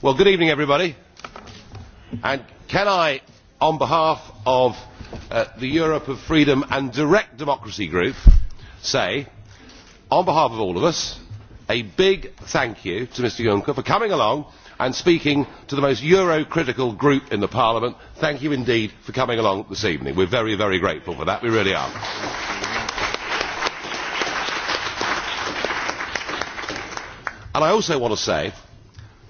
Well, good evening, everybody. And can I, on behalf of the Europe of Freedom and Direct Democracy Group, say, on behalf of all of us, a big thank you to Mr Juncker for coming along and speaking to the most Eurocritical group in the Parliament. Thank you indeed for coming along this evening. We're very, very grateful for that. We really are. And I also want to say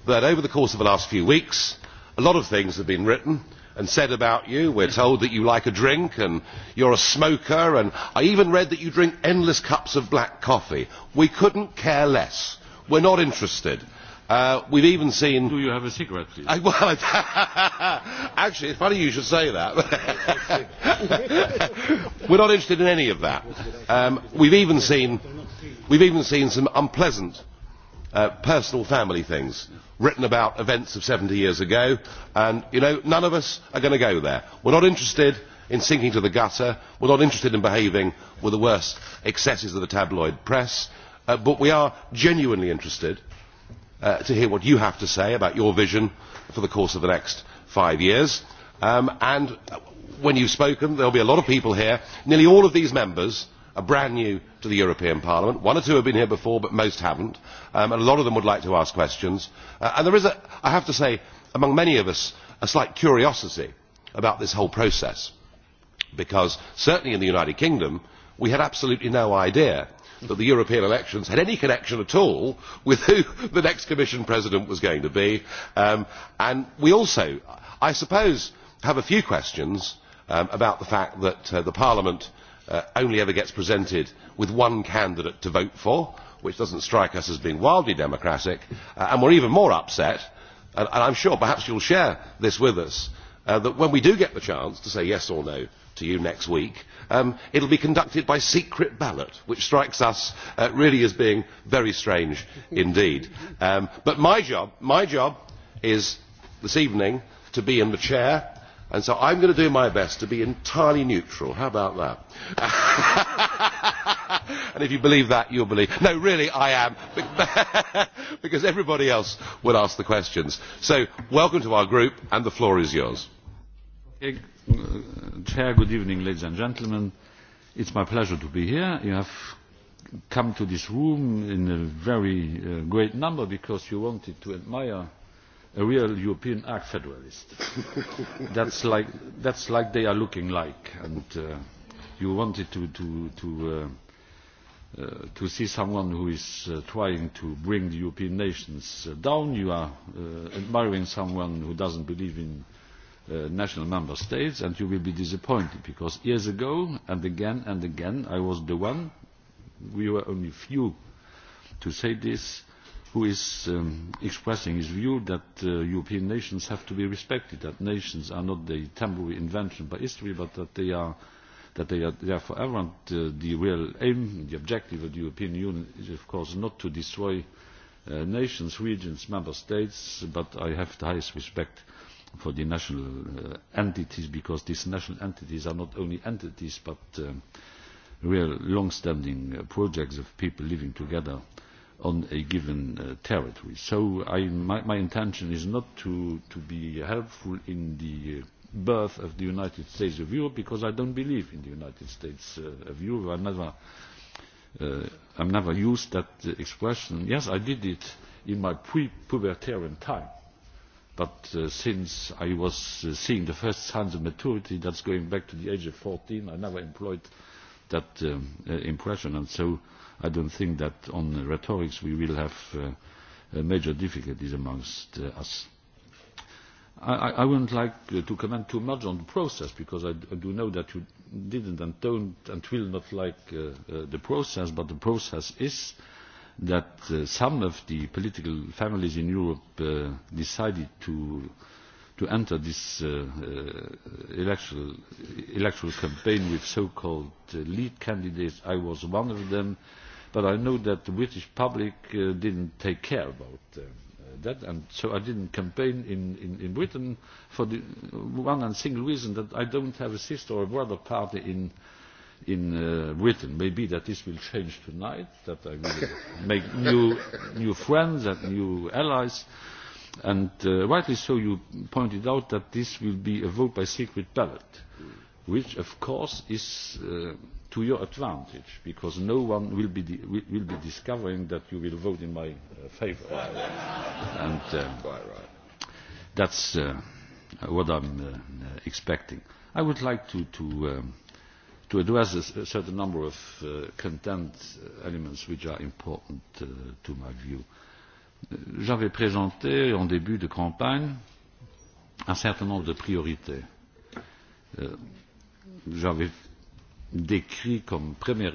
that over the course of the last few weeks a lot of things have been written and said about you. We're told that you like a drink and you're a smoker and I even read that you drink endless cups of black coffee. We couldn't care less. We're not interested. We've even seen. Do you have a cigarette, please? Well, actually, it's funny you should say that. We're not interested in any of that. We've even seen, we've even seen some unpleasant personal family things written about events of 70 years ago and you know none of us are going to go there we're not interested in sinking to the gutter we're not interested in behaving with the worst excesses of the tabloid press but we are genuinely interested to hear what you have to say about your vision for the course of the next five years and when you've spoken there will be a lot of people here nearly all of these members are brand new to the European Parliament. One or two have been here before, but most haven't. And a lot of them would like to ask questions. And there is, I have to say, among many of us, a slight curiosity about this whole process. Because certainly in the United Kingdom, we had absolutely no idea that the European elections had any connection at all with who the next Commission President was going to be. And we also, I suppose, have a few questions about the fact that Parliament only ever gets presented with one candidate to vote for, which doesn't strike us as being wildly democratic, and we are even more upset, and I am sure perhaps you will share this with us, that when we do get the chance to say yes or no to you next week, it will be conducted by secret ballot, which strikes us really as being very strange indeed. But my job is this evening to be in the chair And so I'm going to do my best to be entirely neutral. How about that? And if you believe that, you'll believe. No, really, I am. Because everybody else will ask the questions. So welcome to our group, and the floor is yours. Chair, good evening, ladies and gentlemen. It's my pleasure to be here. You have come to this room in a very great number because you wanted to admire a real European arc federalist. That's like that's like they are looking like. And you wanted to to to to see someone who is trying to bring the European nations down. You are admiring someone who doesn't believe in national member states, and you will be disappointed because years ago and again and again I was the one. We were only few to say this who is expressing his view that European nations have to be respected, that nations are not the temporary invention by history, but that they are that they are there forever. the real aim, the objective of the European Union is, of course, not to destroy nations, regions, member states, but I have the highest respect for the national entities because these national entities are not only entities but real long-standing projects of people living together on a given territory. So my intention is not to be helpful in the birth of the United States of Europe because I don't believe in the United States of Europe. I never never used that expression. Yes, I did it in my pre-pubertarian time. But since I was seeing the first signs of maturity, that's going back to the age of 14, I never employed that impression. And so I don't think that on rhetorics we will have major difficulties amongst us. I wouldn't like to comment too much on the process because I do know that you didn't and don't and will not like the process, but the process is that some of the political families in Europe decided to to enter this electoral campaign with so-called lead candidates. I was one of them, but I know that the British public didn't take care about that, and so I didn't campaign in Britain for the one and single reason that I don't have a sister or brother party in in Britain. Maybe that this will change tonight, that I will make new friends and new allies. And rightly so you pointed out that this will be a vote by secret ballot, which of course is to your advantage, because no one will be will be discovering that you will vote in my favour. And that's what I'm expecting. I would like to to to address a certain number of content elements which are important to my view j'avais présenté en début de campagne un certain nombre de priorités. J'avais décrit comme première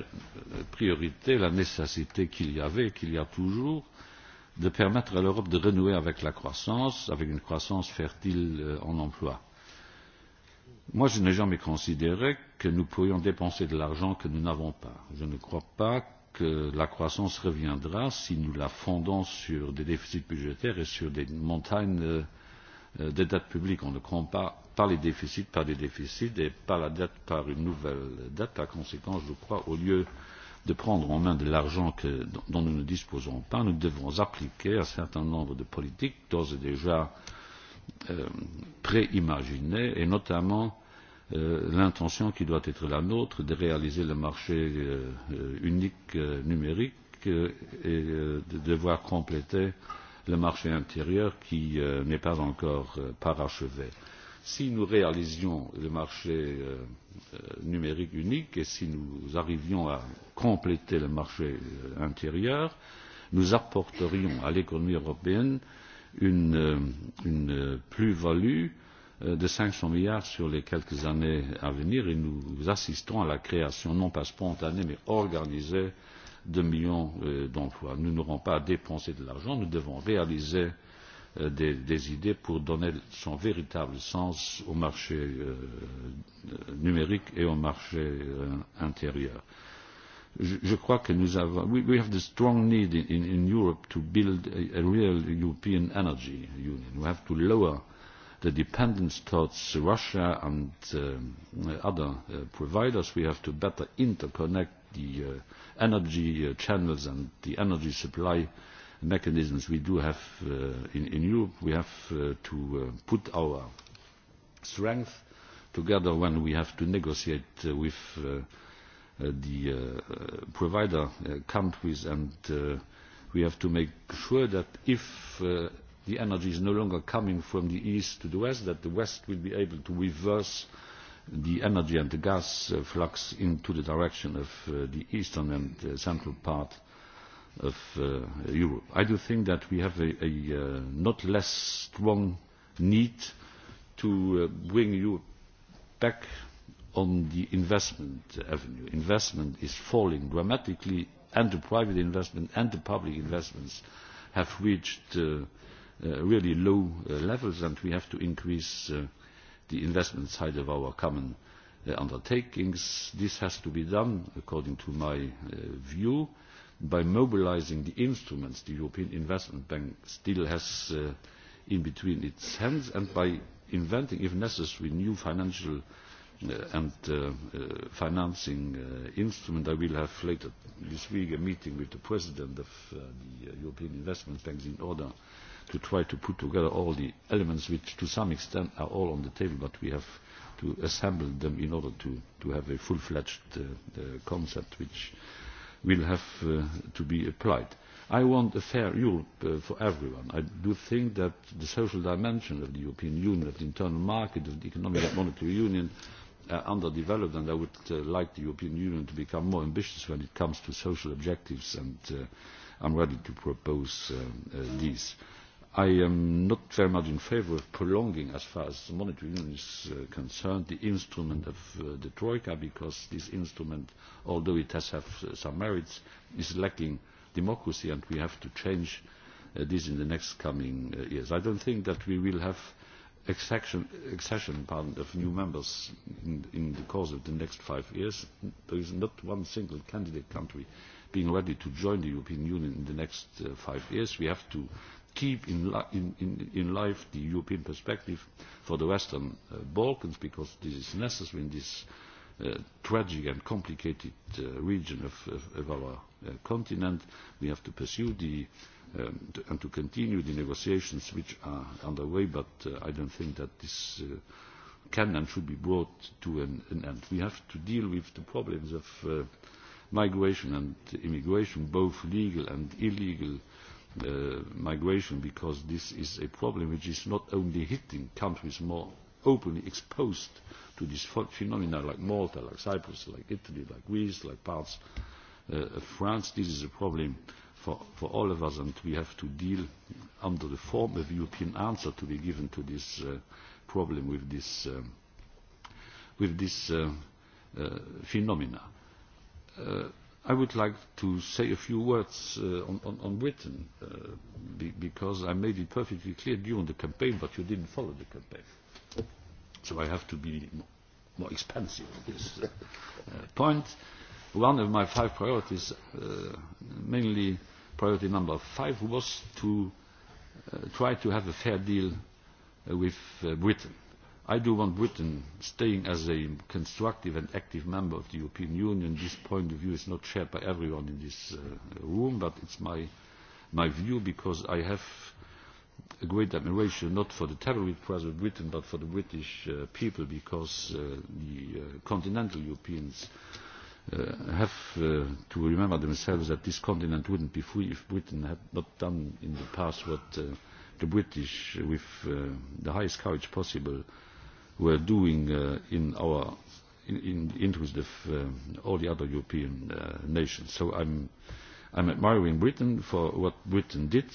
priorité la nécessité qu'il y avait, et qu'il y a toujours, de permettre à l'Europe de renouer avec la croissance, avec une croissance fertile en emploi. Moi, je n'ai jamais considéré que nous pourrions dépenser de l'argent que nous n'avons pas. Je ne crois pas que la croissance reviendra si nous la fondons sur des déficits budgétaires et sur des montagnes de dettes publiques, On ne compte pas par les déficits par des déficits et pas la dette par une nouvelle dette. Par conséquent, je crois, au lieu de prendre en main de l'argent dont nous ne disposons pas, nous devons appliquer un certain nombre de politiques d'ores et déjà préimaginées et notamment l'intention qui doit être la nôtre de réaliser le marché unique numérique et de devoir compléter le marché intérieur qui n'est pas encore parachevé. Si nous réalisions le marché numérique unique et si nous arrivions à compléter le marché intérieur, nous apporterions à l'économie européenne une plus-value de 500 milliards sur les quelques années à venir et nous assistons à la création, non pas spontanée, mais organisée de millions d'emplois. Nous n'aurons pas à dépenser de l'argent, nous devons réaliser des idées pour donner son véritable sens au marché numérique et au marché intérieur. Je crois que nous avons. We have the strong need in Europe to build a real European energy union. We have to lower the dependence towards Russia and other providers. We have to better interconnect the energy channels and the energy supply mechanisms we do have in Europe. We have to put our strength together when we have to negotiate with the provider countries and we have to make sure that if the energy is no longer coming from the east to the west, that the west will be able to reverse the energy and the gas flux into the direction of the eastern and central part of Europe. I do think that we have a not less strong need to bring Europe back on the investment avenue. Investment is falling dramatically and the private investment and the public investments have reached really low levels and we have to increase the investment side of our common undertakings. This has to be done, according to my view, by mobilising the instruments the European Investment Bank still has in between its hands and by inventing, if necessary, new financial and financing instruments. I will have later this week a meeting with the President of the European Investment Bank in order to try to put together all the elements which to some extent are all on the table, but we have to assemble them in order to, to have a full-fledged concept which will have to be applied. I want a fair Europe for everyone. I do think that the social dimension of the European Union, of the internal market, of the economic and monetary union are underdeveloped and I would like the European Union to become more ambitious when it comes to social objectives and I'm ready to propose these. I am not very much in favour of prolonging, as far as the monetary union is concerned, the instrument of the Troika, because this instrument, although it has some merits, is lacking democracy, and we have to change this in the next coming years. I don't think that we will have accession of new members in the course of the next five years. There is not one single candidate country being ready to join the European Union in the next five years. We have to keep in life the European perspective for the Western Balkans because this is necessary in this tragic and complicated region of our continent. We have to pursue and to continue the negotiations which are underway, but I don't think that this can and should be brought to an end. We have to deal with the problems of migration and immigration, both legal and illegal migration because this is a problem which is not only hitting countries more openly exposed to this phenomena like Malta, like Cyprus, like Italy, like Greece, like parts of France. This is a problem for, all of us and we have to deal under the form of European answer to be given to this problem with this, with this phenomena I would like to say a few words on on Britain, because I made it perfectly clear during the campaign, but you didn't follow the campaign. So I have to be more expansive on this point. One of my five priorities, mainly priority number five, was to try to have a fair deal with Britain. I do want Britain staying as a constructive and active member of the European Union. This point of view is not shared by everyone in this room, but it's my my view because I have a great admiration not for the terrorist press of Britain but for the British people because the continental Europeans have to remember themselves that this continent wouldn't be free if Britain had not done in the past what the British, with the highest courage possible, were doing in our in of all the other European nations. So I I'm admiring Britain for what Britain did,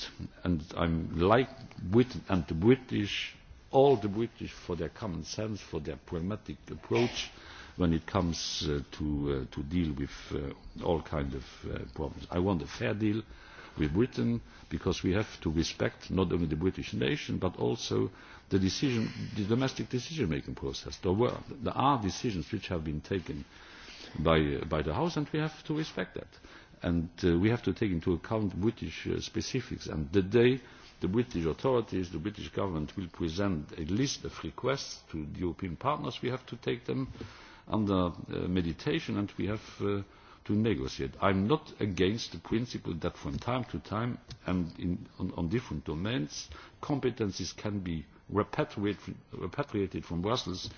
and I'm like Britain and the British, all the British for their common sense, for their pragmatic approach when it comes to to deal with all kinds of problems. I want a fair deal with Britain because we have to respect not only the British nation but also the decision, the domestic decision-making process. There, were, there are decisions which have been taken by, by the House and we have to respect that. And we have to take into account British specifics. And the day the British authorities, the British government will present a list of requests to the European partners, we have to take them under meditation and we have to negotiate. I am not against the principle that from time to time and on different domains, competences can be repatriated from Brussels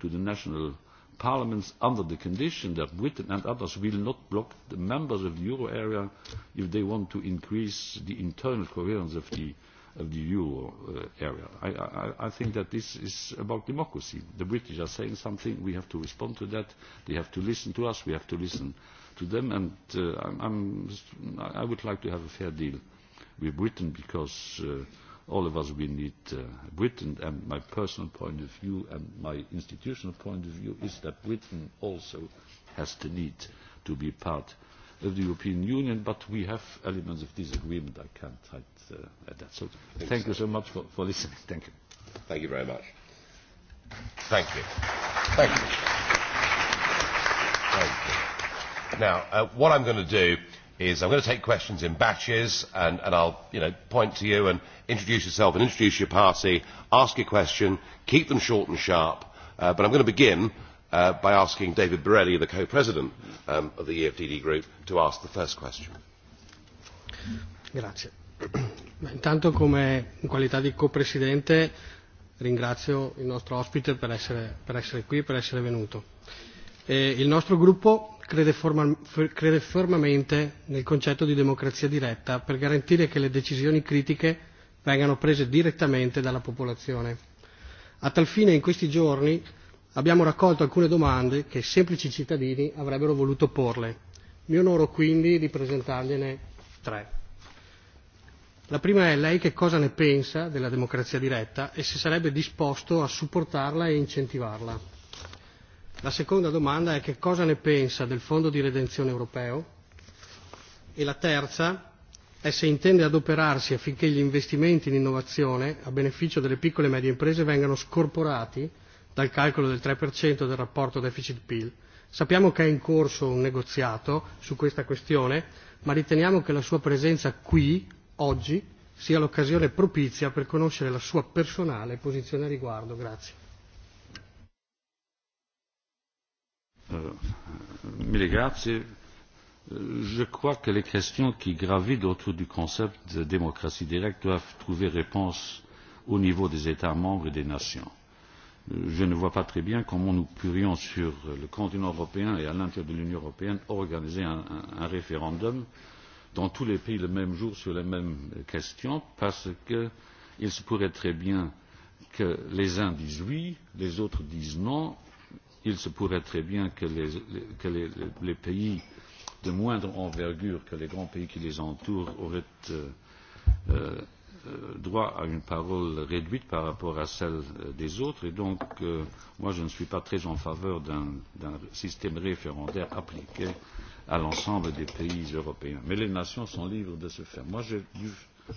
to the national parliaments under the condition that Britain and others will not block the members of the euro area if they want to increase the internal coherence of the of the euro area. I think that this is about democracy. The British are saying something. We have to respond to that. They have to listen to us. We have to listen to them. And I would like to have a fair deal with Britain because all of us, we need Britain. And my personal point of view and my institutional point of view is that Britain also has the need to be part of the European Union, but we have elements of disagreement. I can't hide at that. So thank you so much for, listening. Thank you. Thank you very much. Thank you. Thank you. Now, what I'm going to do is I'm going to take questions in batches and I'll point to you and introduce yourself and introduce your party, ask your question, keep them short and sharp. But I'm going to begin by asking David Borelli, the co-president of the EFDD group, to ask the first question. Grazie. Intanto come in qualità di co-presidente ringrazio il nostro ospite per essere qui, per essere venuto. Il nostro gruppo crede fermamente nel concetto di democrazia diretta per garantire che le decisioni critiche vengano prese direttamente dalla popolazione. A tal fine in questi giorni abbiamo raccolto alcune domande che semplici cittadini avrebbero voluto porle. Mi onoro quindi di presentargliene tre. La prima è lei che cosa ne pensa della democrazia diretta e se sarebbe disposto a supportarla e incentivarla. La seconda domanda è che cosa ne pensa del Fondo di redenzione europeo e la terza è se intende adoperarsi affinché gli investimenti in innovazione a beneficio delle piccole e medie imprese vengano scorporati dal calcolo del 3% del rapporto deficit-PIL. Sappiamo che è in corso un negoziato su questa questione, ma riteniamo che la sua presenza qui, oggi, sia l'occasione propizia per conoscere la sua personale posizione a riguardo. Grazie. Millegard, je crois que les questions qui gravitent autour du concept de démocratie directe doivent trouver réponse au niveau des États membres et des nations. Je ne vois pas très bien comment nous pourrions, sur le continent européen et à l'intérieur de l'Union européenne, organiser un référendum dans tous les pays le même jour sur les mêmes questions, parce qu'il se pourrait très bien que les uns disent oui, les autres disent non il se pourrait très bien que les pays de moindre envergure que les grands pays qui les entourent auraient droit à une parole réduite par rapport à celle des autres et donc moi je ne suis pas très en faveur d'un système référendaire appliqué à l'ensemble des pays européens. Mais les nations sont libres de se faire. Moi j'ai dû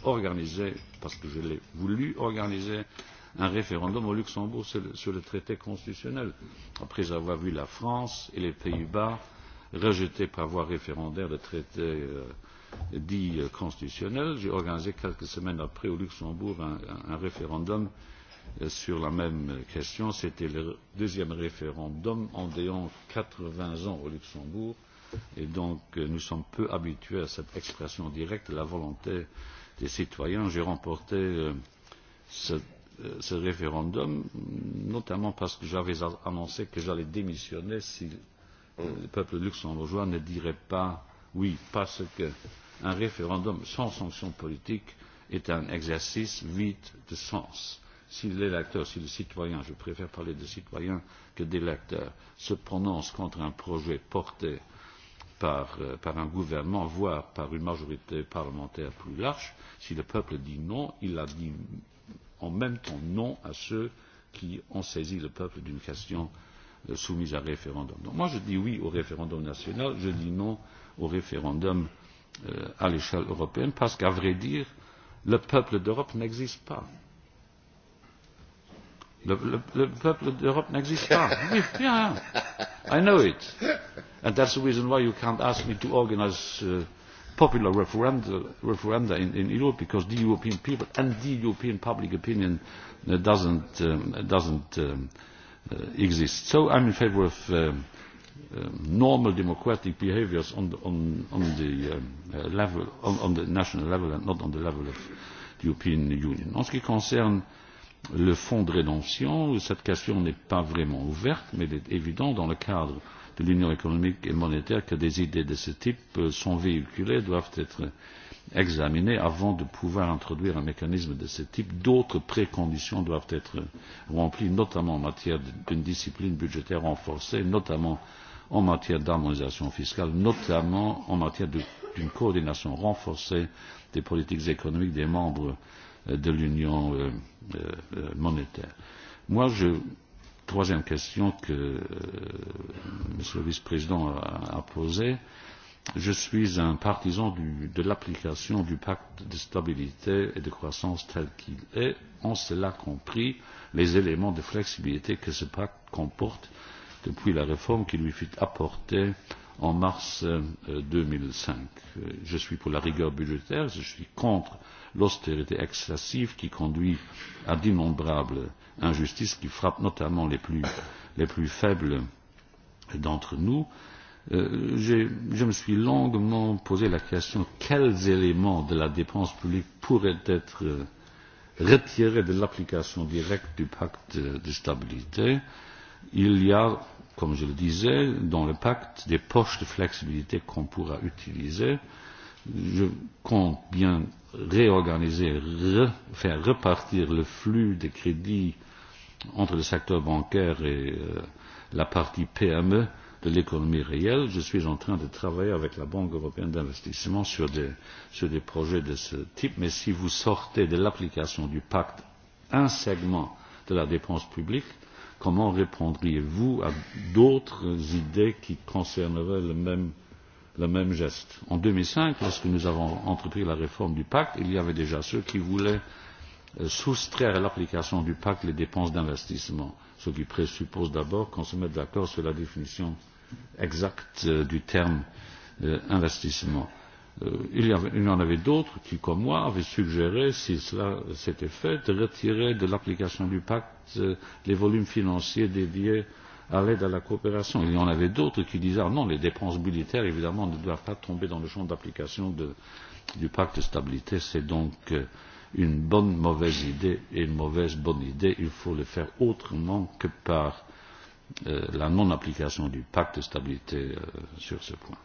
organiser, parce que je l'ai voulu organiser, un référendum au Luxembourg sur le traité constitutionnel, après avoir vu la France et les Pays-Bas rejeter par voie référendaire le traité dit constitutionnel. J'ai organisé quelques semaines après au Luxembourg un référendum sur la même question. C'était le deuxième référendum en quatre vingts ans au Luxembourg. Et donc, nous sommes peu habitués à cette expression directe de la volonté des citoyens. J'ai remporté ce référendum, notamment parce que j'avais annoncé que j'allais démissionner si le peuple luxembourgeois ne dirait pas oui, parce qu'un référendum sans sanction politique est un exercice vide de sens. Si l'électeur, si le citoyen, je préfère parler de citoyen que d'électeur, se prononce contre un projet porté par un gouvernement, voire par une majorité parlementaire plus large, si le peuple dit non, il a dit en même temps non à ceux qui ont saisi le peuple d'une question soumise à référendum. Donc moi je dis oui au référendum national, je dis non au référendum à l'échelle européenne, parce qu'à vrai dire, le peuple d'Europe n'existe pas. Le, peuple d'Europe n'existe pas. Oui, bien. I know it. And that's the reason why you can't ask me to organize popular referenda in in Europe because the European people and the European public opinion doesn't exist. So I am in favour of normal democratic behaviours on the level, on the national level and not on the level of the European Union. En ce qui concerne le fonds de rédemption, cette question n'est pas vraiment ouverte, mais elle est évidente dans le cadre de l'Union économique et monétaire que des idées de ce type sont véhiculées, doivent être examinées avant de pouvoir introduire un mécanisme de ce type. D'autres préconditions doivent être remplies, notamment en matière d'une discipline budgétaire renforcée, notamment en matière d'harmonisation fiscale, notamment en matière d'une coordination renforcée des politiques économiques des membres de l'Union monétaire. Moi, je troisième question que Monsieur le Vice-président a posée, je suis un partisan de l'application du pacte de stabilité et de croissance tel qu'il est, en cela compris les éléments de flexibilité que ce pacte comporte depuis la réforme qui lui fut apportée en mars 2005. Je suis pour la rigueur budgétaire, je suis contre l'austérité excessive qui conduit à d'innombrables injustices qui frappent notamment les plus, les plus faibles d'entre nous. je me suis longuement posé la question quels éléments de la dépense publique pourraient être retirés de l'application directe du pacte de stabilité. Il y a, comme je le disais, dans le pacte des poches de flexibilité qu'on pourra utiliser je compte bien réorganiser, faire repartir le flux des crédits entre le secteur bancaire et la partie PME de l'économie réelle. Je suis en train de travailler avec la Banque européenne d'investissement sur des projets de ce type, mais si vous sortez de l'application du pacte un segment de la dépense publique, comment répondriez-vous à d'autres idées qui concerneraient le même le même geste. En 2005, lorsque nous avons entrepris la réforme du pacte, il y avait déjà ceux qui voulaient soustraire à l'application du pacte les dépenses d'investissement, ce qui présuppose d'abord qu'on se mette d'accord sur la définition exacte du terme investissement. Il y en avait d'autres qui, comme moi, avaient suggéré, si cela s'était fait, de retirer de l'application du pacte les volumes financiers dédiés à l'aide à la coopération. Il y en avait d'autres qui disaient non, les dépenses budgétaires, évidemment, ne doivent pas tomber dans le champ d'application du pacte de stabilité. C'est donc une bonne mauvaise idée et une mauvaise bonne idée. Il faut le faire autrement que par la non-application du pacte de stabilité sur ce point.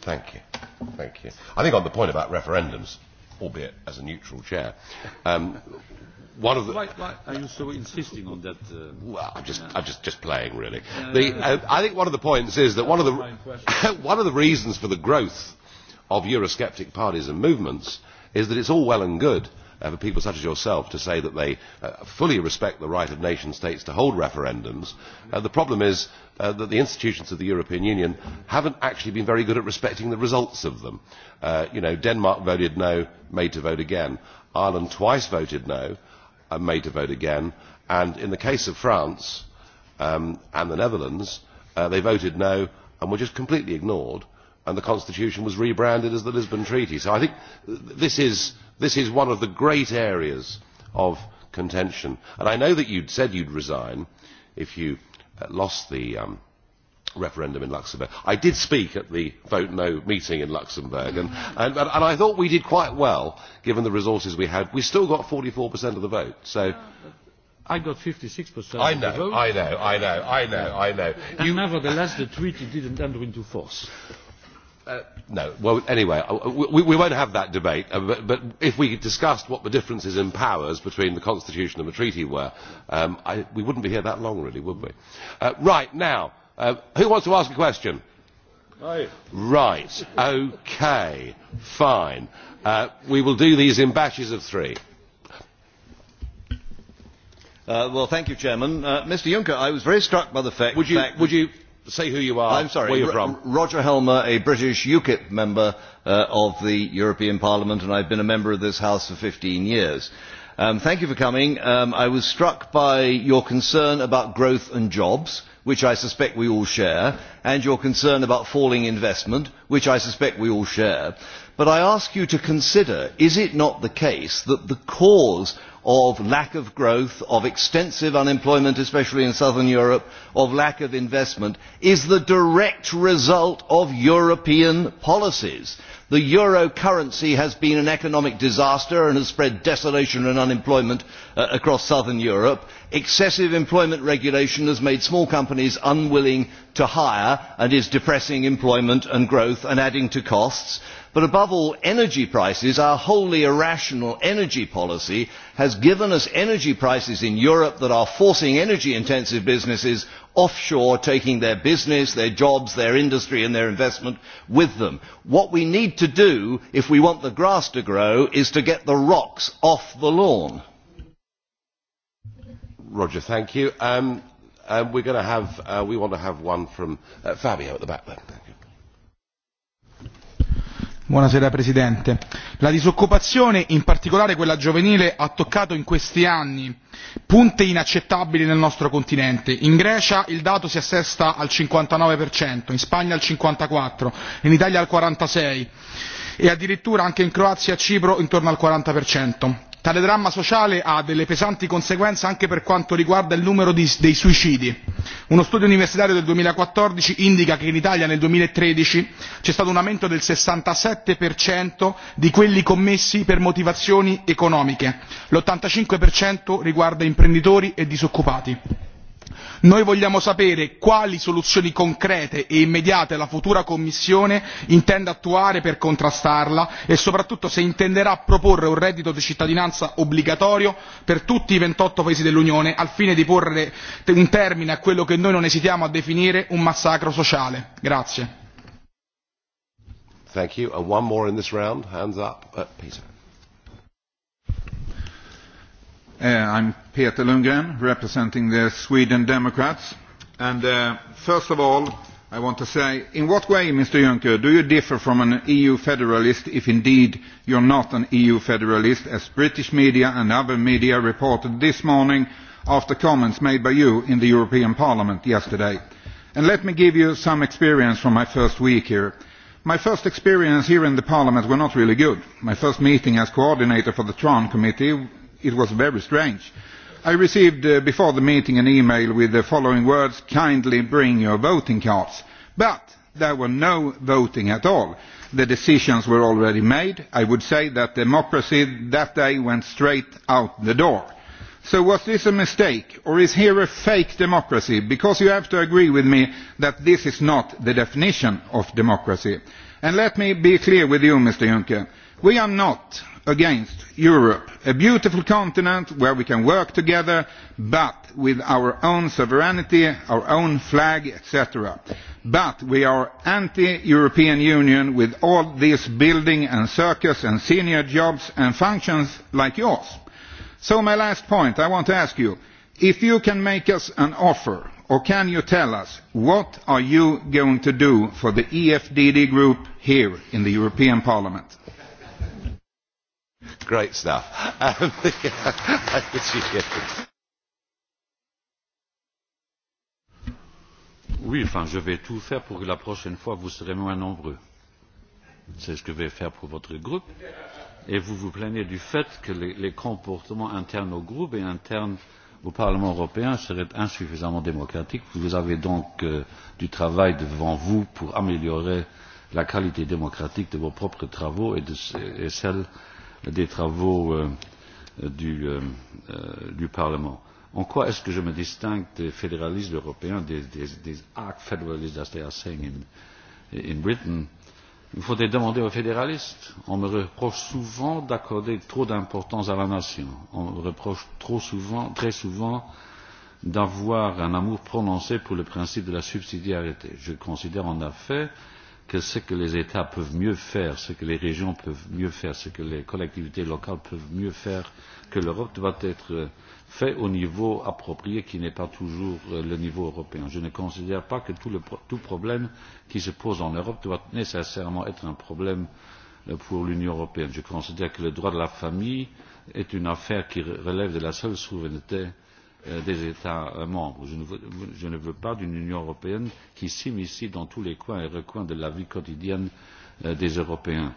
Thank you. Thank you. I think on the point about referendums, albeit as a neutral chair. Um, one of the, why, why are you so insisting on that? Uh, well, I'm just, I'm just, just playing really. The, uh, I think one of the points is that one of the, one of the reasons for the growth of Eurosceptic parties and movements is that it's all well and good for people such as yourself to say that they fully respect the right of nation states to hold referendums. The problem is that the institutions of the European Union haven't actually been very good at respecting the results of them. You know, Denmark voted no, made to vote again. Ireland twice voted no, and made to vote again. And in the case of France and the Netherlands, they voted no and were just completely ignored and the Constitution was rebranded as the Lisbon Treaty. So I think this is this is one of the great areas of contention. And I know that you'd said you'd resign if you lost the referendum in Luxembourg. I did speak at the Vote No meeting in Luxembourg, and and I thought we did quite well, given the resources we had. We still got 44% of the vote, so... I got 56% I know, I know, I know, I know, I know. nevertheless, the treaty didn't enter into force. No. Well, anyway, we won't have that debate. But if we discussed what the differences in powers between the Constitution and the Treaty were, we wouldn't be here that long, really, would we? Right. Now, who wants to ask a question? Right. Okay. Fine. We will do these in batches of three. Well, thank you, Chairman. Mr. Juncker, I was very struck by the fact that... Would you say who you are, I'm sorry, where you're from. Roger Helmer, a British UKIP member of the European Parliament, and I've been a member of this House for 15 years. Thank you for coming. I was struck by your concern about growth and jobs, which I suspect we all share, and your concern about falling investment, which I suspect we all share. But I ask you to consider, is it not the case that the cause of lack of growth, of extensive unemployment, especially in southern Europe, of lack of investment, is the direct result of European policies. The euro currency has been an economic disaster and has spread desolation and unemployment across southern Europe. Excessive employment regulation has made small companies unwilling to hire and is depressing employment and growth and adding to costs But above all, energy prices, our wholly irrational energy policy has given us energy prices in Europe that are forcing energy intensive businesses offshore, taking their business, their jobs, their industry and their investment with them. What we need to do, if we want the grass to grow, is to get the rocks off the lawn. Roger, thank you. We want to have one from Fabio at the back there signora presidente onorevoli colleghi la disoccupazione in particolare quella giovanile ha toccato in questi anni punte inaccettabili nel nostro continente in grecia il dato si assesta al cinquantanove in spagna al cinquantaquattro in italia al quarantasei e addirittura anche in croazia e cipro intorno al quaranta cento tale dramma sociale ha delle pesanti conseguenze anche per quanto riguarda il numero dei suicidi uno studio universitario del duemilaquattordici indica che in italia nel duemilatredici c'è stato un aumento del sessantasette di quelli commessi per motivazioni economiche l' ottantacinque riguarda imprenditori e disoccupati noi vogliamo sapere quali soluzioni concrete e immediate la futura commissione intende attuare per contrastarla e soprattutto se intenderà proporre un reddito di cittadinanza obbligatorio per tutti i ventotto paesi dell'unione al fine di porre un termine a quello che noi non esitiamo a definire un massacro sociale. Thank you. And one more in this round. Hands up. I'm Peter Lundgren, representing the Sweden Democrats. And first of all, I want to say, in what way, Mr Juncker, do you differ from an EU federalist if indeed you are not an EU federalist, as British media and other media reported this morning after comments made by you in the European Parliament yesterday? let me give you some experience from my first week here. My first experience here in the Parliament were not really good. My first meeting as coordinator for the TRAN committee It was very strange. I received before the meeting an email with the following words, kindly bring your voting cards. But there were no voting at all. The decisions were already made. I would say that democracy that day went straight out the door. So was this a mistake, or is here a fake democracy? Because you have to agree with me that this is not the definition of democracy. And let me be clear with you, Mr Juncker. We are not against Europe, a beautiful continent where we can work together, but with our own sovereignty, our own flag, etc. But we are anti-European Union with all this building and circus and senior jobs and functions like yours. So my last point, I want to ask you, if you can make us an offer, or can you tell us, what are you going to do for the EFDD group here in the European Parliament? Great stuff. Oui, enfin, je vais tout faire pour que la prochaine fois, vous serez moins nombreux. C'est ce que je vais faire pour votre groupe. Et vous vous plaignez du fait que les comportements internes au groupe et internes au Parlement européen seraient insuffisamment démocratiques. Vous avez donc du travail devant vous pour améliorer la qualité démocratique de vos propres travaux et de celle des travaux du Parlement. En quoi est-ce que je me distingue des fédéralistes européens, des arch federalists, as they are saying in Britain Il faudrait demander aux fédéralistes. On me reproche souvent d'accorder trop d'importance à la nation. On me reproche trop souvent, très souvent d'avoir un amour prononcé pour le principe de la subsidiarité. Je considère en effet que ce que les États peuvent mieux faire, ce que les régions peuvent mieux faire, ce que les collectivités locales peuvent mieux faire que l'Europe doit être fait au niveau approprié qui n'est pas toujours le niveau européen. Je ne considère pas que tout problème qui se pose en Europe doit nécessairement être un problème pour l'Union européenne. Je considère que le droit de la famille est une affaire qui relève de la seule souveraineté des États membres. Je ne veux pas d'une Union européenne qui s'immisce dans tous les coins et recoins de la vie quotidienne des Européens.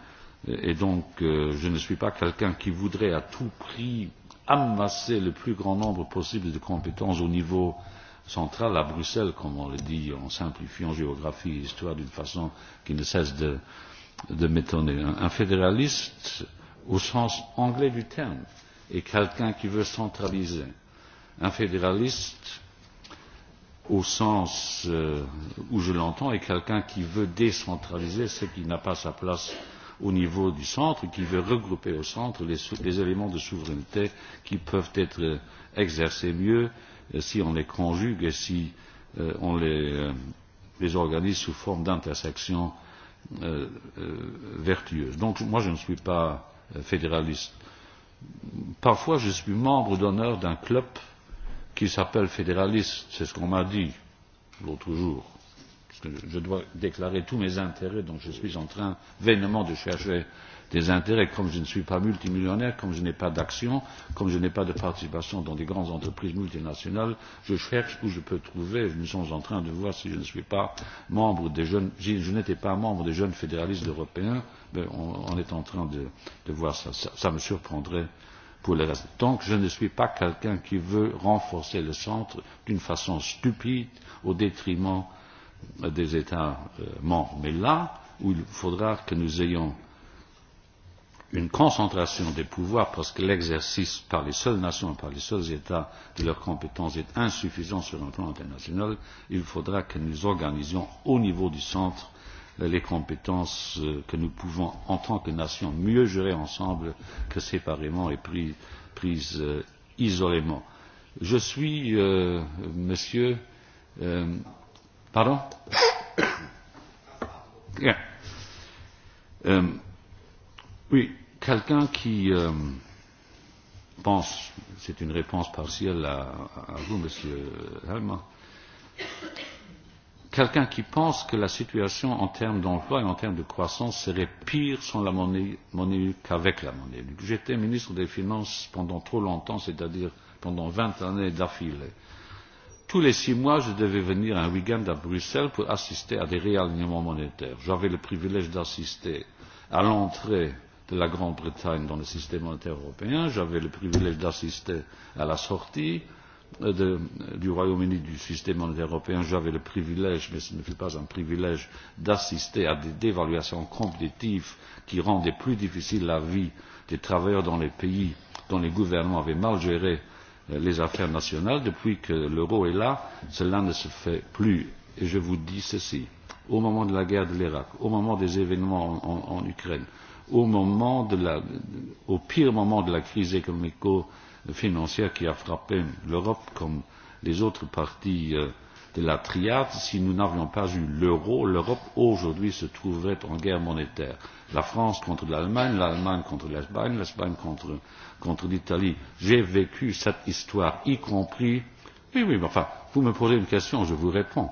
Et donc, je ne suis pas quelqu'un qui voudrait à tout prix amasser le plus grand nombre possible de compétences au niveau central, à Bruxelles, comme on le dit, en simplifiant géographie et histoire d'une façon qui ne cesse de m'étonner. Un fédéraliste, au sens anglais du terme, est quelqu'un qui veut centraliser un fédéraliste au sens où je l'entends est quelqu'un qui veut décentraliser ce qui n'a pas sa place au niveau du centre, qui veut regrouper au centre les éléments de souveraineté qui peuvent être exercés mieux si on les conjugue et si on les organise sous forme d'intersection vertueuse. Donc moi je ne suis pas fédéraliste. Parfois je suis membre d'honneur d'un club qui s'appelle fédéraliste, c'est ce qu'on m'a dit l'autre jour, parce que je dois déclarer tous mes intérêts, donc je suis en train vainement de chercher des intérêts, comme je ne suis pas multimillionnaire, comme je n'ai pas d'action, comme je n'ai pas de participation dans des grandes entreprises multinationales, je cherche où je peux trouver, nous sommes en train de voir si je ne suis pas membre des jeunes, si je n'étais pas membre des jeunes fédéralistes européens, mais on, est en train de, voir ça. Ça me surprendrait pour le reste. Donc je ne suis pas quelqu'un qui veut renforcer le centre d'une façon stupide au détriment des États membres. Mais là où il faudra que nous ayons une concentration des pouvoirs parce que l'exercice par les seules nations, par les seuls États de leurs compétences est insuffisant sur un plan international, il faudra que nous organisions au niveau du centre les compétences que nous pouvons, en tant que nation, mieux gérer ensemble que séparément et prises isolément. Je suis, monsieur. Pardon Oui, quelqu'un qui pense, c'est une réponse partielle à vous, monsieur Helmer Quelqu'un qui pense que la situation en termes d'emploi et en termes de croissance serait pire sans la monnaie unique qu'avec la monnaie unique. J'étais ministre des Finances pendant trop longtemps, c'est-à-dire pendant 20 années d'affilée. Tous les six mois, je devais venir un week-end à Bruxelles pour assister à des réalignements monétaires. J'avais le privilège d'assister à l'entrée de la Grande-Bretagne dans le système monétaire européen. J'avais le privilège d'assister à la sortie du Royaume-Uni du système monétaire européen, j'avais le privilège, mais ce ne fut pas un privilège, d'assister à des dévaluations compétitives qui rendaient plus difficile la vie des travailleurs dans les pays dont les gouvernements avaient mal géré les affaires nationales. Depuis que l'euro est là, cela ne se fait plus. Et je vous dis ceci. Au moment de la guerre de l'Irak, au moment des événements en Ukraine, au pire moment de la crise économique financière qui a frappé l'Europe comme les autres parties de la triade, si nous n'avions pas eu l'euro, l'Europe aujourd'hui se trouverait en guerre monétaire. La France contre l'Allemagne, l'Allemagne contre l'Espagne, l'Espagne contre, l'Italie. J'ai vécu cette histoire, y compris. Oui, oui, mais enfin, vous me posez une question, je vous réponds.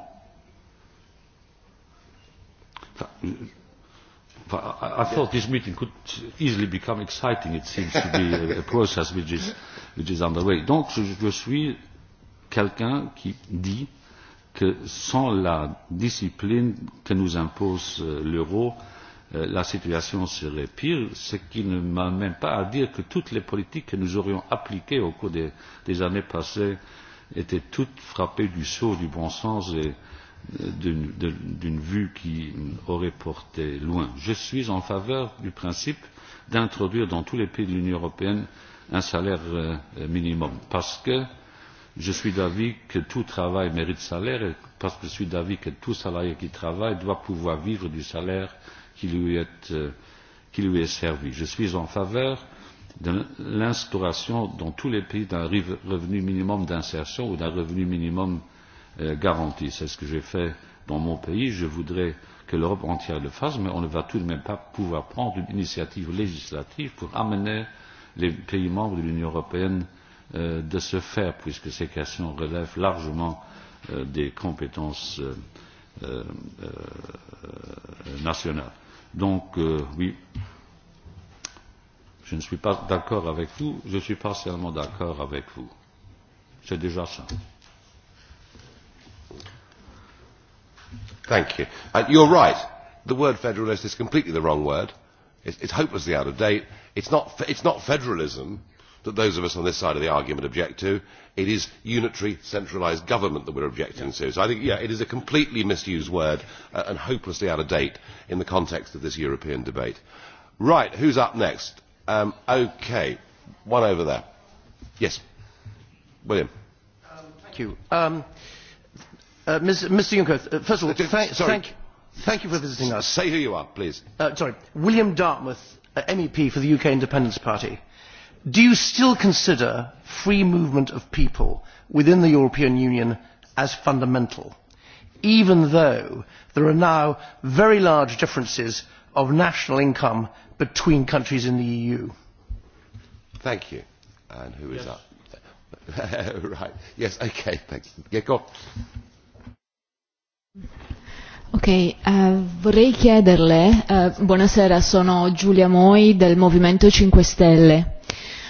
I thought this meeting could easily become exciting. It seems to be a process which is, which is underway. Donc, je, suis quelqu'un qui dit que sans la discipline que nous impose l'euro, la situation serait pire, ce qui ne m'amène pas à dire que toutes les politiques que nous aurions appliquées au cours des, années passées étaient toutes frappées du sceau du bon sens et, d'une vue qui aurait porté loin. Je suis en faveur du principe d'introduire dans tous les pays de l'Union européenne un salaire minimum, parce que je suis d'avis que tout travail mérite salaire, et parce que je suis d'avis que tout salarié qui travaille doit pouvoir vivre du salaire qui lui est servi. Je suis en faveur de l'instauration dans tous les pays d'un revenu minimum d'insertion ou d'un revenu minimum garantie. C'est ce que j'ai fait dans mon pays. Je voudrais que l'Europe entière le fasse, mais on ne va tout de même pas pouvoir prendre une initiative législative pour amener les pays membres de l'Union européenne de se faire, puisque ces questions relèvent largement des compétences nationales. Donc, oui, je ne suis pas d'accord avec vous, je suis partiellement d'accord avec vous. C'est déjà ça. Thank you. You're right. The word federalist is completely the wrong word. It's hopelessly out of date. It's not federalism that those of us on this side of the argument object to. It is unitary, centralised government that we're objecting to. So I think, yeah, it is a completely misused word and hopelessly out of date in the context of this European debate. Right, who's up next? Okay, one over there. Yes, William. Thank you. Mr Juncker, first of all, thank you for visiting us. Say who you are, please. Sorry, William Dartmouth, MEP for the UK Independence Party. Do you still consider free movement of people within the European Union as fundamental, even though there are now very large differences of national income between countries in the EU? Thank you. And who is up? Right. Yes, okay, thanks. Ok, vorrei chiederle, buonasera, sono Giulia Moi del Movimento 5 Stelle.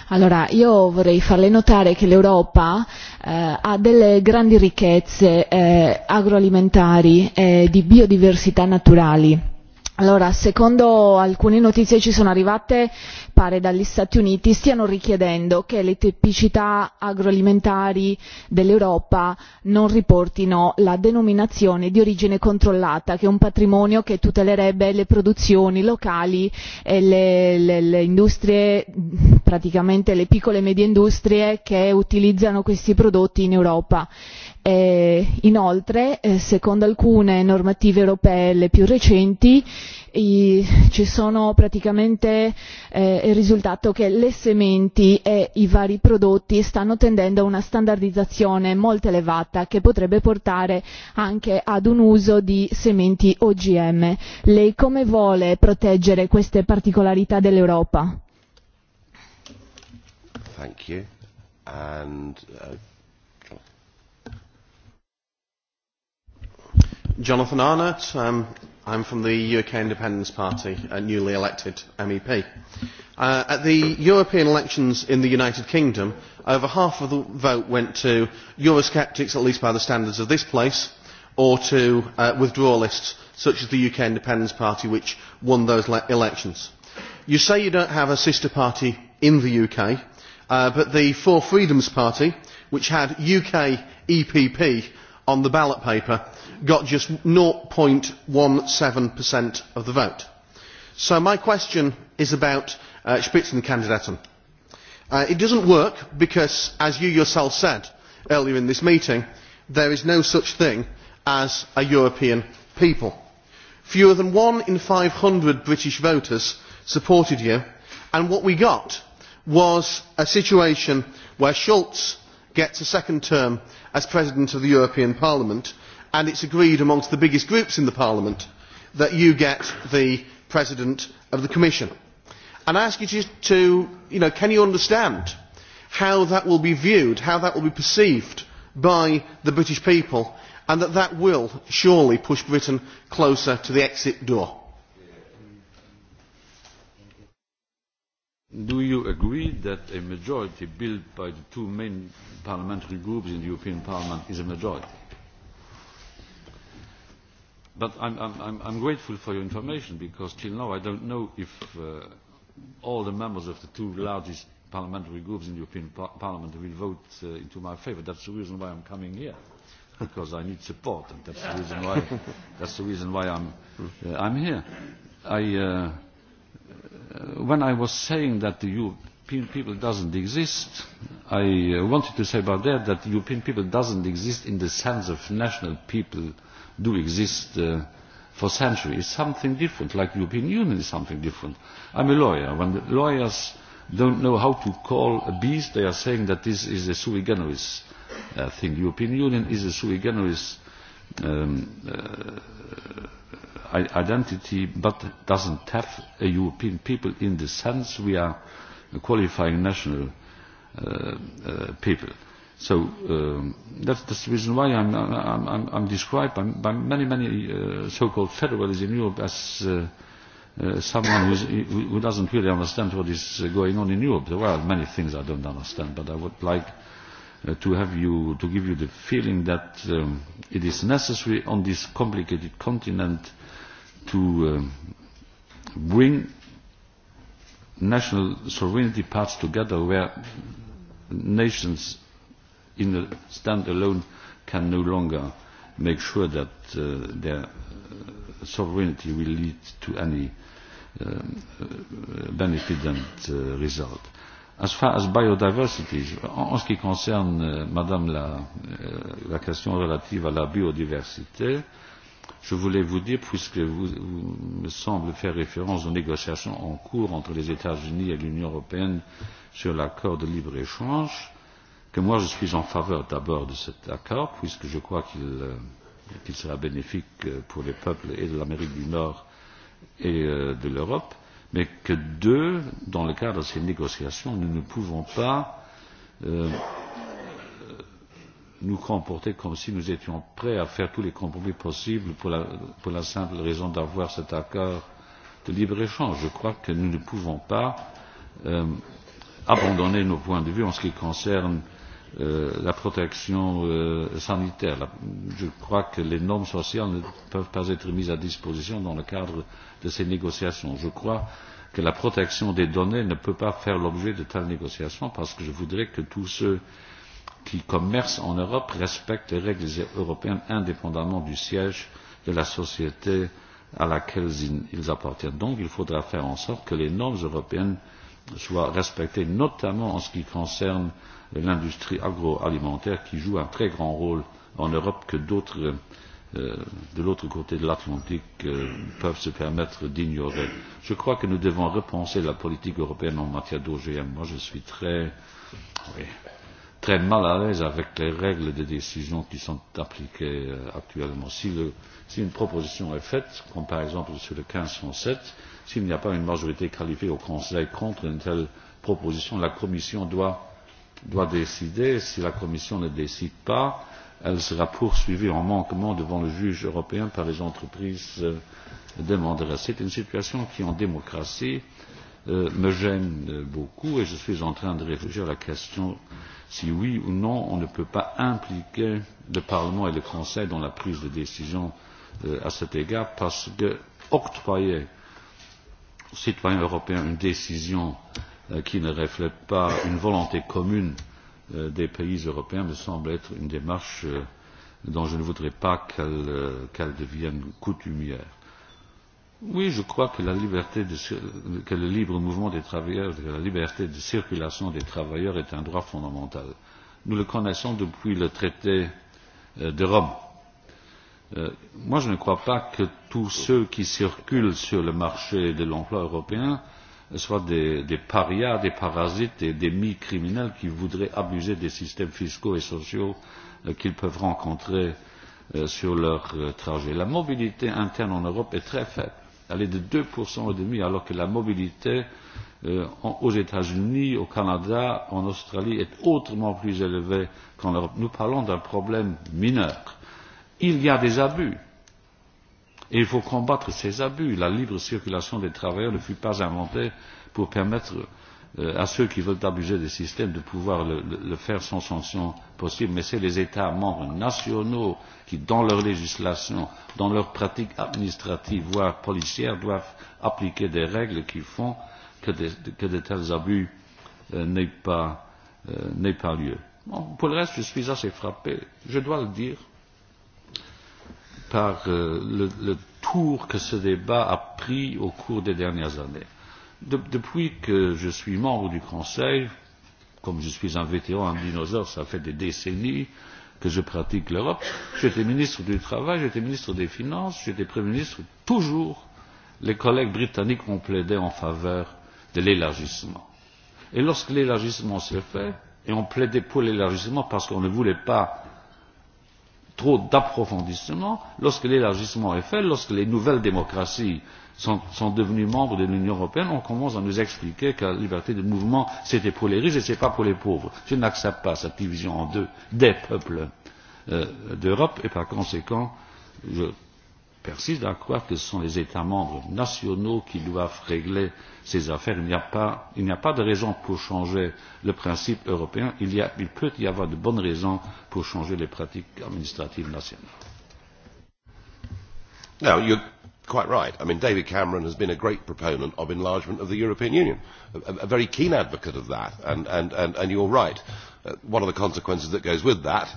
Allora, io vorrei farle notare che l'Europa ha delle grandi ricchezze agroalimentari e di biodiversità naturali Allora, secondo alcune notizie ci sono arrivate, pare dagli Stati Uniti, stiano richiedendo che le tipicità agroalimentari dell'Europa non riportino la denominazione di origine controllata, che è un patrimonio che tutelerebbe le produzioni locali e le industrie, praticamente le piccole e medie industrie che utilizzano questi prodotti in Europa Inoltre, secondo alcune normative europee le più recenti, ci sono praticamente il risultato che le sementi e i vari prodotti stanno tendendo a una standardizzazione molto elevata che potrebbe portare anche ad un uso di sementi OGM. Lei come vuole proteggere queste particolarità dell'Europa? Jonathan Arnott. I I'm from the UK Independence Party, a newly elected MEP. At the European elections in the United Kingdom, over half of the vote went to Eurosceptics, at least by the standards of this place, or to withdrawalists such as the UK Independence Party, which won those elections. You say you don't have a sister party in the UK, but the Four Freedoms Party, which had UK EPP on the ballot paper got just 0.17% of the vote. So my question is about Spitzenkandidaten. It not work because, as you yourself said earlier in this meeting, there is no such thing as a European people. Fewer than one in 500 British voters supported you, and what we got was a situation where Schulz gets a second term as President of the European Parliament and it is agreed amongst the biggest groups in Parliament that you get the President of the Commission. And I ask you to, can you understand how that will be viewed, how that will be perceived by the British people and that that will surely push Britain closer to the exit door? Do you agree that a majority built by the two main parliamentary groups in the European Parliament is a majority? But I'm, I'm, grateful for your information because till now I don't know if all the members of the two largest parliamentary groups in the European Parliament will vote into my favour. That's the reason why I'm coming here, because I need support, and that's the reason why, that's the reason why I'm, I'm here. I, when I was saying that the European people doesn't exist, I wanted to say about that that the European people doesn't exist in the sense of national people do exist for centuries. It's something different, like the European Union is something different. I'm a lawyer. When lawyers don't know how to call a beast, they are saying that this is a sui generis thing. The European Union is a sui generis identity but doesn't have a European people in the sense we are qualifying national people. So that's the reason why I'm described by many, many so-called federalists in Europe as someone who doesn't really understand what is going on in Europe. There are many things I don't understand, but I would like to have you, to give you the feeling that it is necessary on this complicated continent to bring national sovereignty parts together where nations in a stand alone can no longer make sure that their sovereignty will lead to any benefit and result. As far as biodiversity, en ce qui concerne, Madame, la question relative à la biodiversité, je voulais vous dire, puisque vous, me semble faire référence aux négociations en cours entre les États-Unis et l'Union européenne sur l'accord de libre-échange, que moi je suis en faveur d'abord de cet accord, puisque je crois qu'il sera bénéfique pour les peuples et de l'Amérique du Nord et de l'Europe, mais que deux, dans le cadre de ces négociations, nous ne pouvons pas nous comporter comme si nous étions prêts à faire tous les compromis possibles pour la simple raison d'avoir cet accord de libre échange. Je crois que nous ne pouvons pas abandonner nos points de vue en ce qui concerne la protection sanitaire. Je crois que les normes sociales ne peuvent pas être mises à disposition dans le cadre de ces négociations. Je crois que la protection des données ne peut pas faire l'objet de telles négociations parce que je voudrais que tous ceux qui commercent en Europe respectent les règles européennes indépendamment du siège de la société à laquelle ils appartiennent. Donc il faudra faire en sorte que les normes européennes soient respectées, notamment en ce qui concerne l'industrie agroalimentaire qui joue un très grand rôle en Europe que d'autres de l'autre côté de l'Atlantique peuvent se permettre d'ignorer. Je crois que nous devons repenser la politique européenne en matière d'OGM. Moi, je suis très très mal à l'aise avec les règles de décision qui sont appliquées actuellement. Si, une proposition est faite, comme par exemple sur le 1507, s'il n'y a pas une majorité qualifiée au Conseil contre une telle proposition, la Commission doit, doit décider. Si la Commission ne décide pas, elle sera poursuivie en manquement devant le juge européen par les entreprises demanderesses. C'est une situation qui, en démocratie, me gêne beaucoup et je suis en train de réfléchir à la question si oui ou non on ne peut pas impliquer le Parlement et le Conseil dans la prise de décision à cet égard parce que octroyer aux citoyens européens une décision qui ne reflète pas une volonté commune des pays européens me semble être une démarche dont je ne voudrais pas qu'elle devienne coutumière. Oui, je crois que la liberté de, que le libre mouvement des travailleurs, que la liberté de circulation des travailleurs est un droit fondamental. Nous le connaissons depuis le traité de Rome. Moi, je ne crois pas que tous ceux qui circulent sur le marché de l'emploi européen soient des, des parias, des parasites et des mi-criminels qui voudraient abuser des systèmes fiscaux et sociaux qu'ils peuvent rencontrer sur leur trajet. La mobilité interne en Europe est très faible elle est de 2% et demi, alors que la mobilité aux États-Unis, au Canada, en Australie est autrement plus élevée qu'en Europe. Nous parlons d'un problème mineur. Il y a des abus. Et il faut combattre ces abus. La libre circulation des travailleurs ne fut pas inventée pour permettre à ceux qui veulent abuser des systèmes de pouvoir le faire sans sanction possible, mais c'est les États membres nationaux qui, dans leur législation, dans leurs pratiques administratives, voire policières, doivent appliquer des règles qui font que de tels abus n'aient pas lieu. Pour le reste, je suis assez frappé, je dois le dire, par le tour que ce débat a pris au cours des dernières années. Depuis que je suis membre du Conseil, comme je suis un vétéran, un dinosaure, ça fait des décennies que je pratique l'Europe, j'étais ministre du Travail, j'étais ministre des Finances, j'étais Premier ministre, toujours les collègues britanniques ont plaidé en faveur de l'élargissement. Et lorsque l'élargissement s'est fait, et on plaidait pour l'élargissement parce qu'on ne voulait pas trop d'approfondissement lorsque l'élargissement est fait lorsque les nouvelles démocraties sont devenues membres de l'union européenne on commence à nous expliquer que la liberté de mouvement c'était pour les riches et ce n'est pas pour les pauvres. je n'accepte pas cette division en deux des peuples d'europe et par conséquent je persiste à croire que ce sont les États membres nationaux qui doivent régler ces affaires. Il n'y a pas, a pas de raison pour changer le principe européen. Il, y a, il peut y avoir de bonnes raisons pour changer les pratiques administratives nationales. Now, you're quite right. I mean, David Cameron has been a great proponent of enlargement of the European Union, a, a very keen advocate of that, and, and, and, and you're right. One of the consequences that goes with that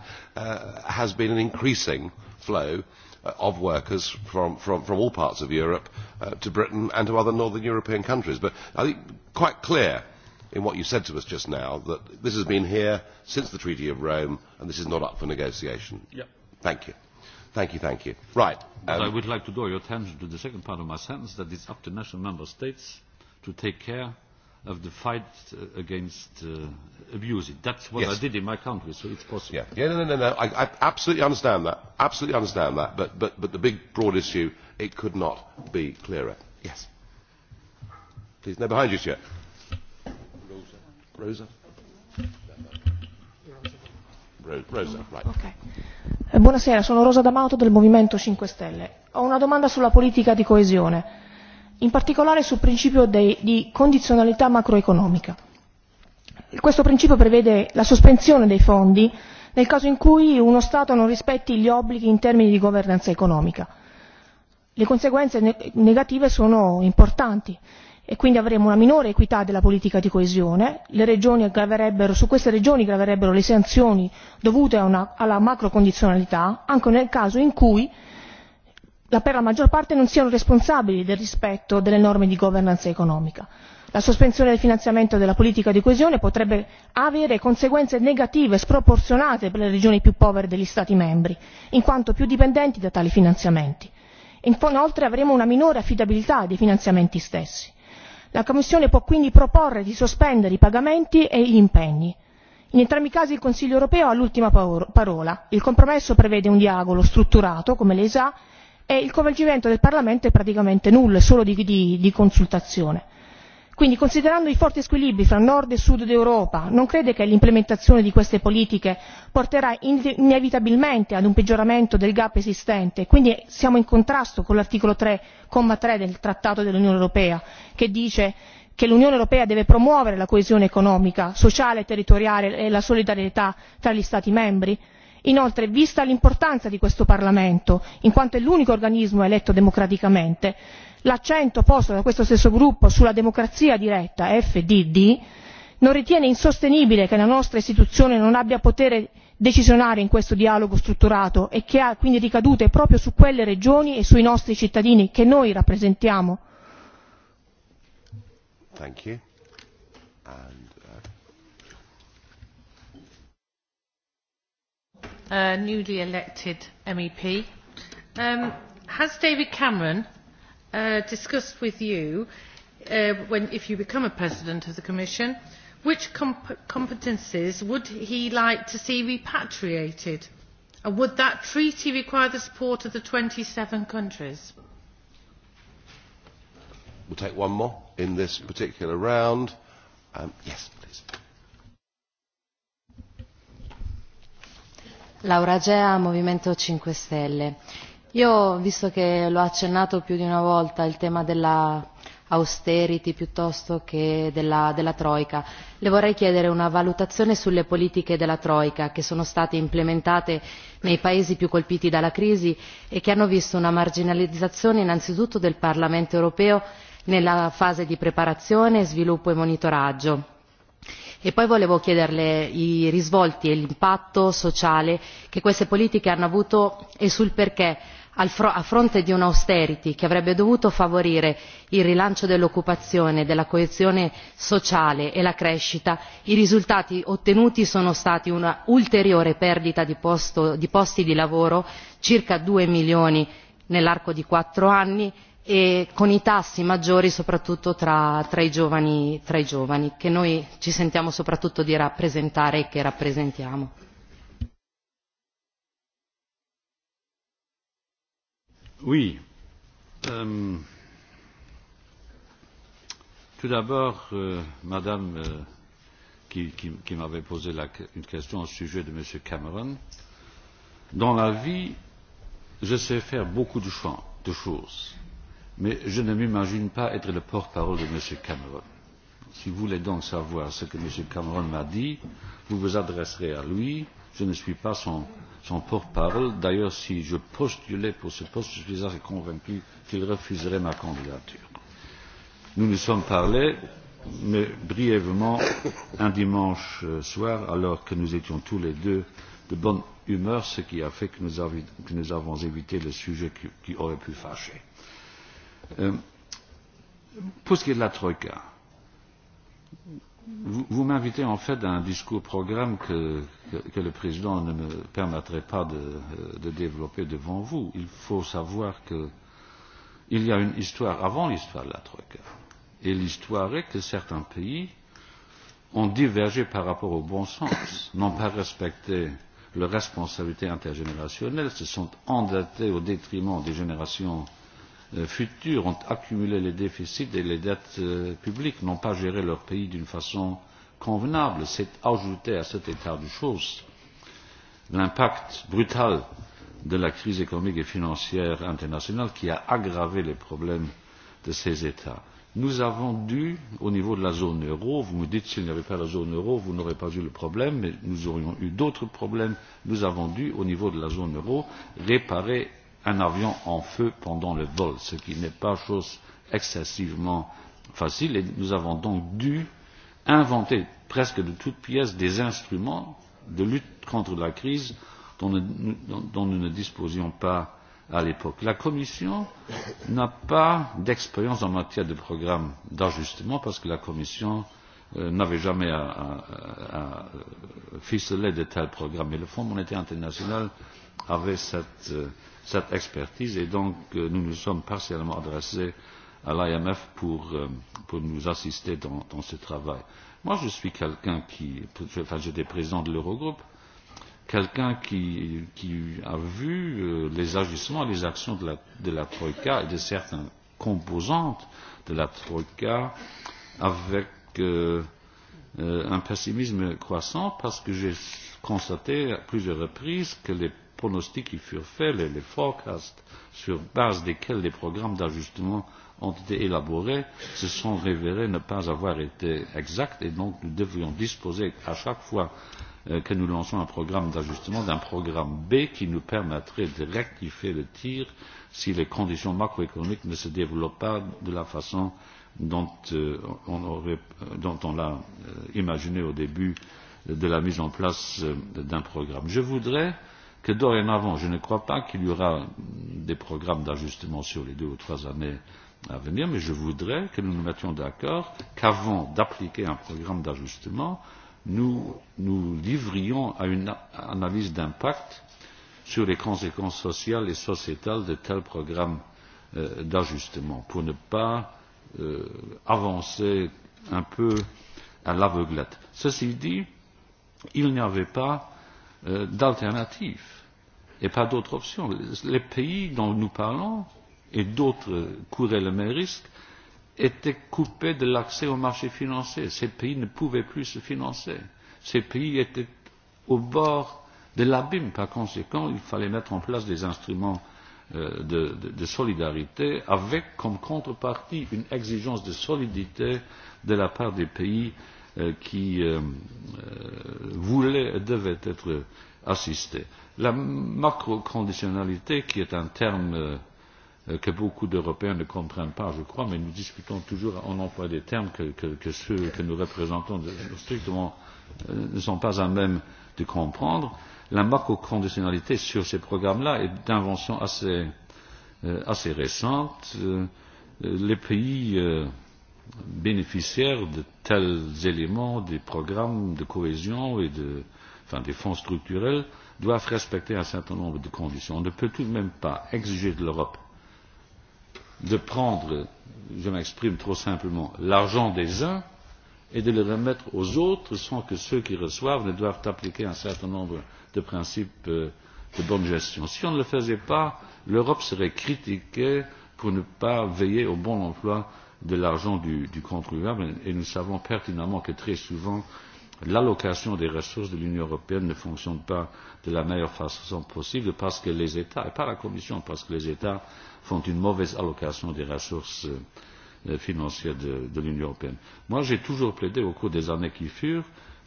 has been an increasing flow of workers from from from all parts of Europe to Britain and to other northern European countries. But I think quite clear in what you said to us just now that this has been here since the Treaty of Rome and this is not up for negotiation. Thank you. Thank you, thank you. Right. I would like to draw your attention to the second part of my sentence that it's up to national member states to take care of the fight against abuse. That's what I did in my country, so it's possible. Yeah, yeah, no, no, no. I, I absolutely understand that. Absolutely understand that. But, but, but the big broad issue, it could not be clearer. Yes. Please, no, behind you, sir. Rosa. Rosa. Rosa, right. Okay. Buonasera, sono Rosa D'Amato del Movimento 5 Stelle. Ho una domanda sulla politica di coesione in particolare sul principio di condizionalità macroeconomica. Questo principio prevede la sospensione dei fondi nel caso in cui uno Stato non rispetti gli obblighi in termini di governance economica. Le conseguenze negative sono importanti e quindi avremo una minore equità della politica di coesione, Le regioni su queste regioni graverebbero le sanzioni dovute alla macrocondizionalità, anche nel caso in cui per la maggior parte non siano responsabili del rispetto delle norme di governance economica. la sospensione del finanziamento della politica di coesione potrebbe avere conseguenze negative sproporzionate per le regioni più povere degli stati membri in quanto più dipendenti da tali finanziamenti. inoltre avremo una minore affidabilità dei finanziamenti stessi. la commissione può quindi proporre di sospendere i pagamenti e gli impegni. In entrambi i casi il Consiglio europeo ha l'ultima parola. Il compromesso prevede un dialogo strutturato, come lei sa, e il coinvolgimento del parlamento è praticamente nullo è solo di consultazione. quindi considerando i forti squilibri fra nord e sud d'europa non crede che l'implementazione di queste politiche porterà inevitabilmente ad un peggioramento del gap esistente e quindi siamo in contrasto con l'articolo tre comma tre del trattato dell'unione europea che dice che l'unione europea deve promuovere la coesione economica sociale e territoriale e la solidarietà tra gli stati membri? inoltre vista l'importanza di questo parlamento in quanto è l'unico organismo eletto democraticamente l'accento posto da questo stesso gruppo sulla democrazia diretta FDD non ritiene insostenibile che la nostra istituzione non abbia potere decisionale in questo dialogo strutturato e che ha quindi ricadute proprio su quelle regioni e sui nostri cittadini che noi rappresentiamo? newly elected MEP. Has David Cameron discussed with you, if you become a President of the Commission, which competences would he like to see repatriated? And would that treaty require the support of the 27 countries? We'll take one more in this particular round. Yes. Laura Gea, Movimento 5 Stelle. Io, visto che l'ho accennato più di una volta, il tema della austerity piuttosto che della, della Troica. Le vorrei chiedere una valutazione sulle politiche della Troica che sono state implementate nei paesi più colpiti dalla crisi e che hanno visto una marginalizzazione innanzitutto del Parlamento europeo nella fase di preparazione, sviluppo e monitoraggio E poi volevo chiederle i risvolti e l'impatto sociale che queste politiche hanno avuto e sul perché, a fronte di un'austerity che avrebbe dovuto favorire il rilancio dell'occupazione, della coesione sociale e la crescita, i risultati ottenuti sono stati un'ulteriore perdita di posti di lavoro circa due milioni nell'arco di quattro anni e con i tassi maggiori soprattutto tra tra i giovani tra i giovani, che noi ci sentiamo soprattutto di rappresentare e che rappresentiamo. Oui. Tout d'abord, Madame qui m'avait posé une question au sujet de M. Cameron, dans la vie, je sais faire beaucoup de de choses mais je ne m'imagine pas être le porte-parole de M. Cameron. Si vous voulez donc savoir ce que M. Cameron m'a dit, vous vous adresserez à lui. Je ne suis pas son, son porte-parole. D'ailleurs, si je postulais pour ce poste, je suis assez convaincu qu'il refuserait ma candidature. Nous nous sommes parlé, mais brièvement, un dimanche soir, alors que nous étions tous les deux de bonne humeur, ce qui a fait que nous, avons évité le sujet qui, aurait pu fâcher. Pour ce qui est de la Troïka, vous m'invitez en fait à un discours programme que le président ne me permettrait pas de développer devant vous. Il faut savoir qu'il y a une histoire avant l'histoire de la Troïka. Et l'histoire est que certains pays ont divergé par rapport au bon sens, n'ont pas respecté leurs responsabilité intergénérationnelle, se sont endettés au détriment des générations futurs ont accumulé les déficits et les dettes publiques, n'ont pas géré leur pays d'une façon convenable. C'est ajouter à cet état de choses l'impact brutal de la crise économique et financière internationale qui a aggravé les problèmes de ces États. Nous avons dû, au niveau de la zone euro, vous me dites s'il n'y avait pas la zone euro, vous n'aurez pas eu le problème, mais nous aurions eu d'autres problèmes, nous avons dû, au niveau de la zone euro, réparer un avion en feu pendant le vol, ce qui n'est pas chose excessivement facile. Et nous avons donc dû inventer presque de toutes pièces des instruments de lutte contre la crise dont nous ne disposions pas à l'époque. La Commission n'a pas d'expérience en matière de programme d'ajustement parce que la Commission n'avait jamais à ficeler de tels programmes. Mais le Fonds monétaire international avait cette cette expertise et donc nous nous sommes partiellement adressés à l'IMF pour nous assister dans ce travail. Moi, je suis quelqu'un qui, enfin, j'étais président de l'Eurogroupe, quelqu'un qui a vu les agissements, les actions de la Troïka et de certaines composantes de la Troïka avec un pessimisme croissant parce que j'ai constaté à plusieurs reprises que les pronostics qui furent faits, les forecasts sur base desquels les programmes d'ajustement ont été élaborés se sont révélés ne pas avoir été exacts et donc nous devrions disposer à chaque fois que nous lançons un programme d'ajustement d'un programme B qui nous permettrait de rectifier le tir si les conditions macroéconomiques ne se développent pas de la façon dont on l'a imaginé au début de la mise en place d'un programme. Je voudrais que dorénavant, je ne crois pas qu'il y aura des programmes d'ajustement sur les deux ou trois années à venir, mais je voudrais que nous nous mettions d'accord qu'avant d'appliquer un programme d'ajustement, nous nous livrions à une analyse d'impact sur les conséquences sociales et sociétales de tels programmes d'ajustement, pour ne pas avancer un peu à l'aveuglette. Ceci dit, il n'y avait pas d'alternatives et pas d'autre option. Les pays dont nous parlons et d'autres couraient le même risque étaient coupés de l'accès aux marché financier. Ces pays ne pouvaient plus se financer. Ces pays étaient au bord de l'abîme. Par conséquent, il fallait mettre en place des instruments de solidarité avec comme contrepartie une exigence de solidité de la part des pays qui voulaient et devaient être assistés. La macroconditionnalité, qui est un terme que beaucoup d'Européens ne comprennent pas, je crois, mais nous discutons toujours, en emploie des termes que ceux que nous représentons strictement ne sont pas à même de comprendre. La macroconditionnalité sur ces programmes-là est d'invention assez récente. Les pays bénéficiaires de tels éléments des programmes de cohésion et de, enfin, des fonds structurels doivent respecter un certain nombre de conditions. On ne peut tout de même pas exiger de l'Europe de prendre, je m'exprime trop simplement, l'argent des uns et de le remettre aux autres sans que ceux qui reçoivent ne doivent appliquer un certain nombre de principes de bonne gestion. Si on ne le faisait pas, l'Europe serait critiquée pour ne pas veiller au bon emploi de l'argent du contribuable et nous savons pertinemment que très souvent l'allocation des ressources de l'Union européenne ne fonctionne pas de la meilleure façon possible parce que les États, et pas la Commission, parce que les États font une mauvaise allocation des ressources financières de l'Union européenne. Moi, j'ai toujours plaidé au cours des années qui furent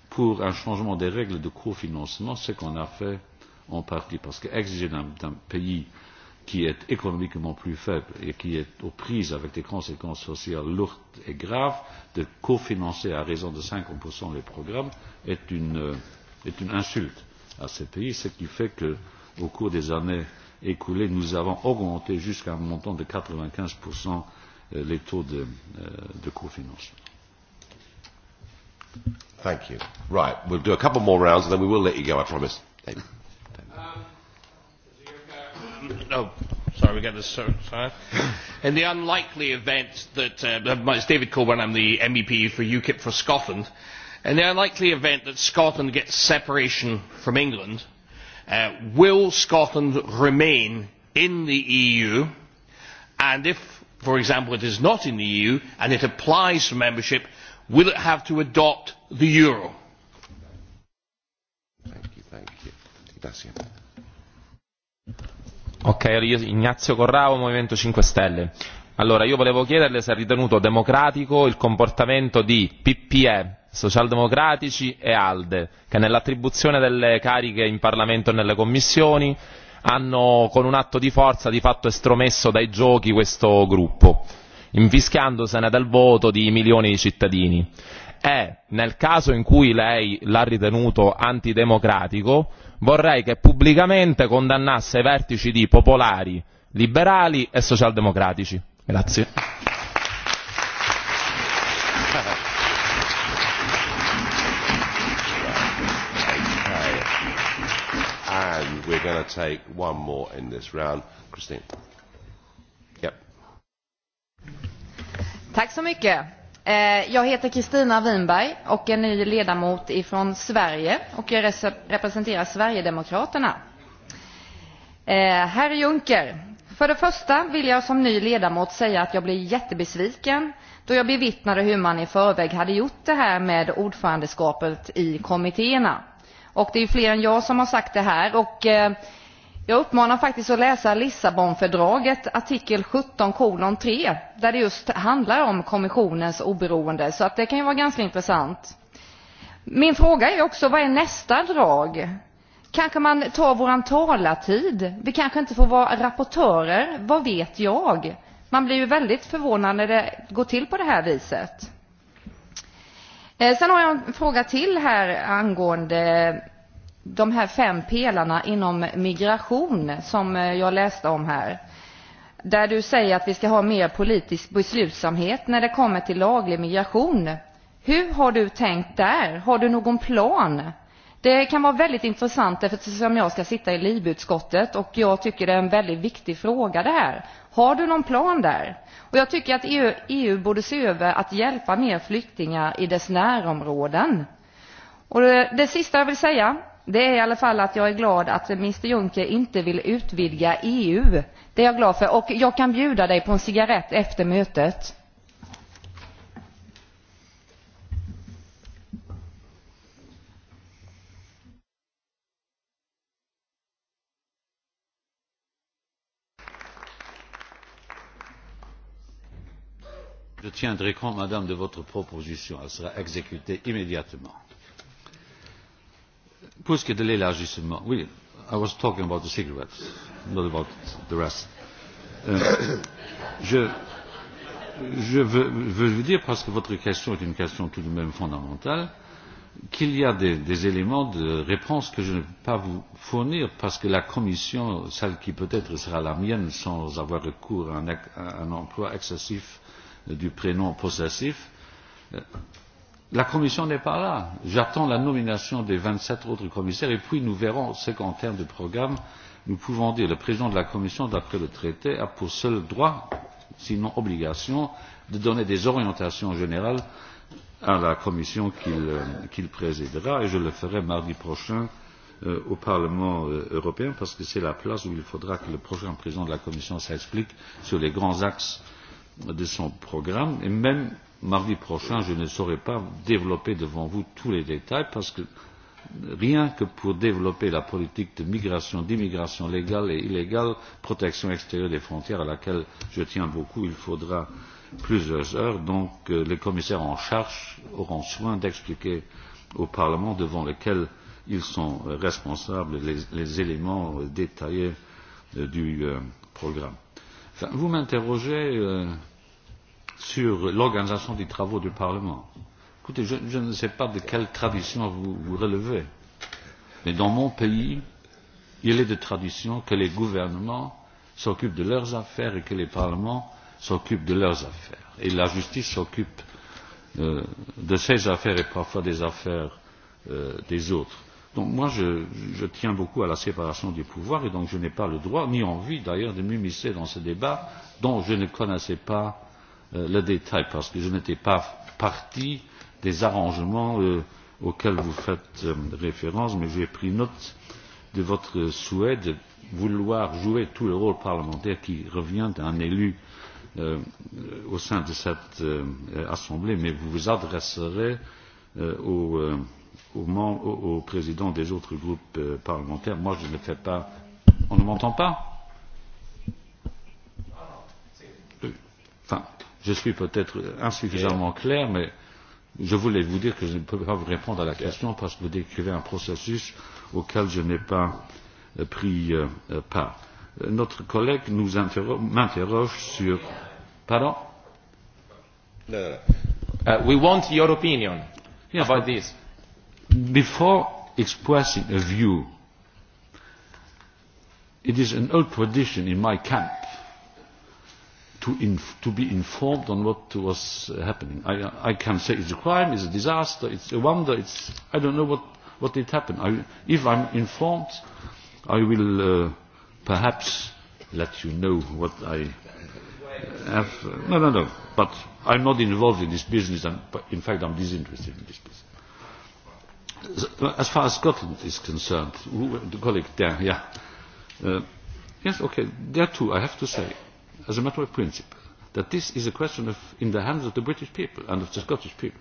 pour un changement des règles de cofinancement, ce qu'on a fait en partie, parce qu'exiger d'un pays qui est économiquement plus faible et qui est aux prises avec des conséquences sociales lourdes et graves, de cofinancer à raison de 50% les programmes est une, est une insulte à ces pays, ce qui fait que, au cours des années écoulées, nous avons augmenté jusqu'à un montant de 95% les taux de, de cofinancement. Thank you. Right, we'll do a couple more rounds and then we will let you go, I promise. Oh, sorry, we got this. In the unlikely event that is David Coburn, I'm the MEP for UKIP for Scotland. In the unlikely event that Scotland gets separation from England, will Scotland remain in the EU? And if, for example, it is not in the EU and it applies for membership, will it have to adopt the euro? Thank you, thank you. Ok, io Ignazio Corrao, Movimento 5 Stelle. Allora, io volevo chiederle se ha ritenuto democratico il comportamento di PPE, Socialdemocratici e ALDE, che nell'attribuzione delle cariche in Parlamento e nelle commissioni hanno con un atto di forza di fatto estromesso dai giochi questo gruppo, infischiandosene del voto di milioni di cittadini è nel caso in cui lei l'ha ritenuto antidemocratico vorrei che pubblicamente condannasse i vertici di popolari liberali e socialdemocratici. Jag heter Kristina Winberg och är ny ledamot ifrån Sverige och jag representerar Sverigedemokraterna. Herr Juncker, för det första vill jag som ny ledamot säga att jag blev jättebesviken då jag bevittnade hur man i förväg hade gjort det här med ordförandeskapet i kommittéerna. Det är fler än jag som har sagt det här. Jag uppmanar faktiskt att läsa Lissabonfördraget artikel 17:3 där det just handlar om kommissionens oberoende så att det kan ju vara ganska intressant. Min fråga är också vad är nästa drag? Kanske man tar våran talartid? Vi kanske inte får vara rapportörer, vad vet jag? Man blir ju väldigt förvånad när det går till på det här viset. Sen har jag en fråga till här angående de här fem pelarna inom migration som jag läste om här. Där du säger att vi ska ha mer politisk beslutsamhet när det kommer till laglig migration. Hur har du tänkt där? Har du någon plan? Det kan vara väldigt intressant eftersom jag ska sitta i livutskottet och jag tycker det är en väldigt viktig fråga det här. Har du någon plan där? Och jag tycker att EU, EU borde se över att hjälpa mer flyktingar i dess närområden. Och det, det sista jag vill säga det är i alla fall att jag är glad att Mr Juncker inte vill utvidga EU. Det är jag glad för. Och jag kan bjuda dig på en cigarett efter mötet. Je tiendrai compte, madame, de votre proposition. Elle sera exécutée immédiatement. Pour de l'élargissement, oui, I was talking about the cigarettes, not about the rest. Je, je veux, vous dire, parce que votre question est une question tout de même fondamentale, qu'il y a des, des éléments de réponse que je ne peux pas vous fournir parce que la commission, celle qui peut-être sera la mienne sans avoir recours à un, à un emploi excessif du prénom possessif, La Commission n'est pas là. J'attends la nomination des vingt sept autres commissaires et puis nous verrons ce qu'en termes de programme nous pouvons dire. Le président de la Commission, d'après le traité, a pour seul droit, sinon obligation, de donner des orientations générales à la Commission qu'il présidera et je le ferai mardi prochain au Parlement européen parce que c'est la place où il faudra que le prochain président de la Commission s'explique sur les grands axes de son programme et même mardi prochain, je ne saurais pas développer devant vous tous les détails parce que rien que pour développer la politique de migration, d'immigration légale et illégale, protection extérieure des frontières à laquelle je tiens beaucoup, il faudra plusieurs heures. Donc les commissaires en charge auront soin d'expliquer au Parlement devant lequel ils sont responsables les éléments détaillés du programme. Vous m'interrogez sur l'organisation des travaux du Parlement. Écoutez, je ne sais pas de quelle tradition vous vous relevez, mais dans mon pays, il est de tradition que les gouvernements s'occupent de leurs affaires et que les parlements s'occupent de leurs affaires. Et la justice s'occupe de ses affaires et parfois des affaires des autres. Donc moi, je tiens beaucoup à la séparation des pouvoirs et donc je n'ai pas le droit, ni envie d'ailleurs, de m'immiscer dans ce débat dont je ne connaissais pas le détail parce que je n'étais pas partie des arrangements auxquels vous faites référence, mais j'ai pris note de votre souhait de vouloir jouer tout le rôle parlementaire qui revient à un élu au sein de cette Assemblée, mais vous vous adresserez aux présidents des autres groupes parlementaires. Moi, je ne fais pas. On ne m'entend pas Je suis peut-être insuffisamment clair, mais je voulais vous dire que je ne peux pas vous répondre à la question parce que vous décrivez un processus auquel je n'ai pas pris part. Notre collègue nous m'interroge sur. Pardon We want your opinion about this. Before expressing a view, it is an old tradition in my camp to be informed on what was happening. I can say it's a crime, it's a disaster, it's a wonder, it's I don't know what what did happen. If I'm informed, I will perhaps let you know what I have. No, no, no. But I'm not involved in this business. In fact, I'm disinterested in this business. As far as Scotland is concerned, the colleague there, yes, okay, there too, I have to say as a matter of principle, that this is a question of in the hands of the British people and of the Scottish people.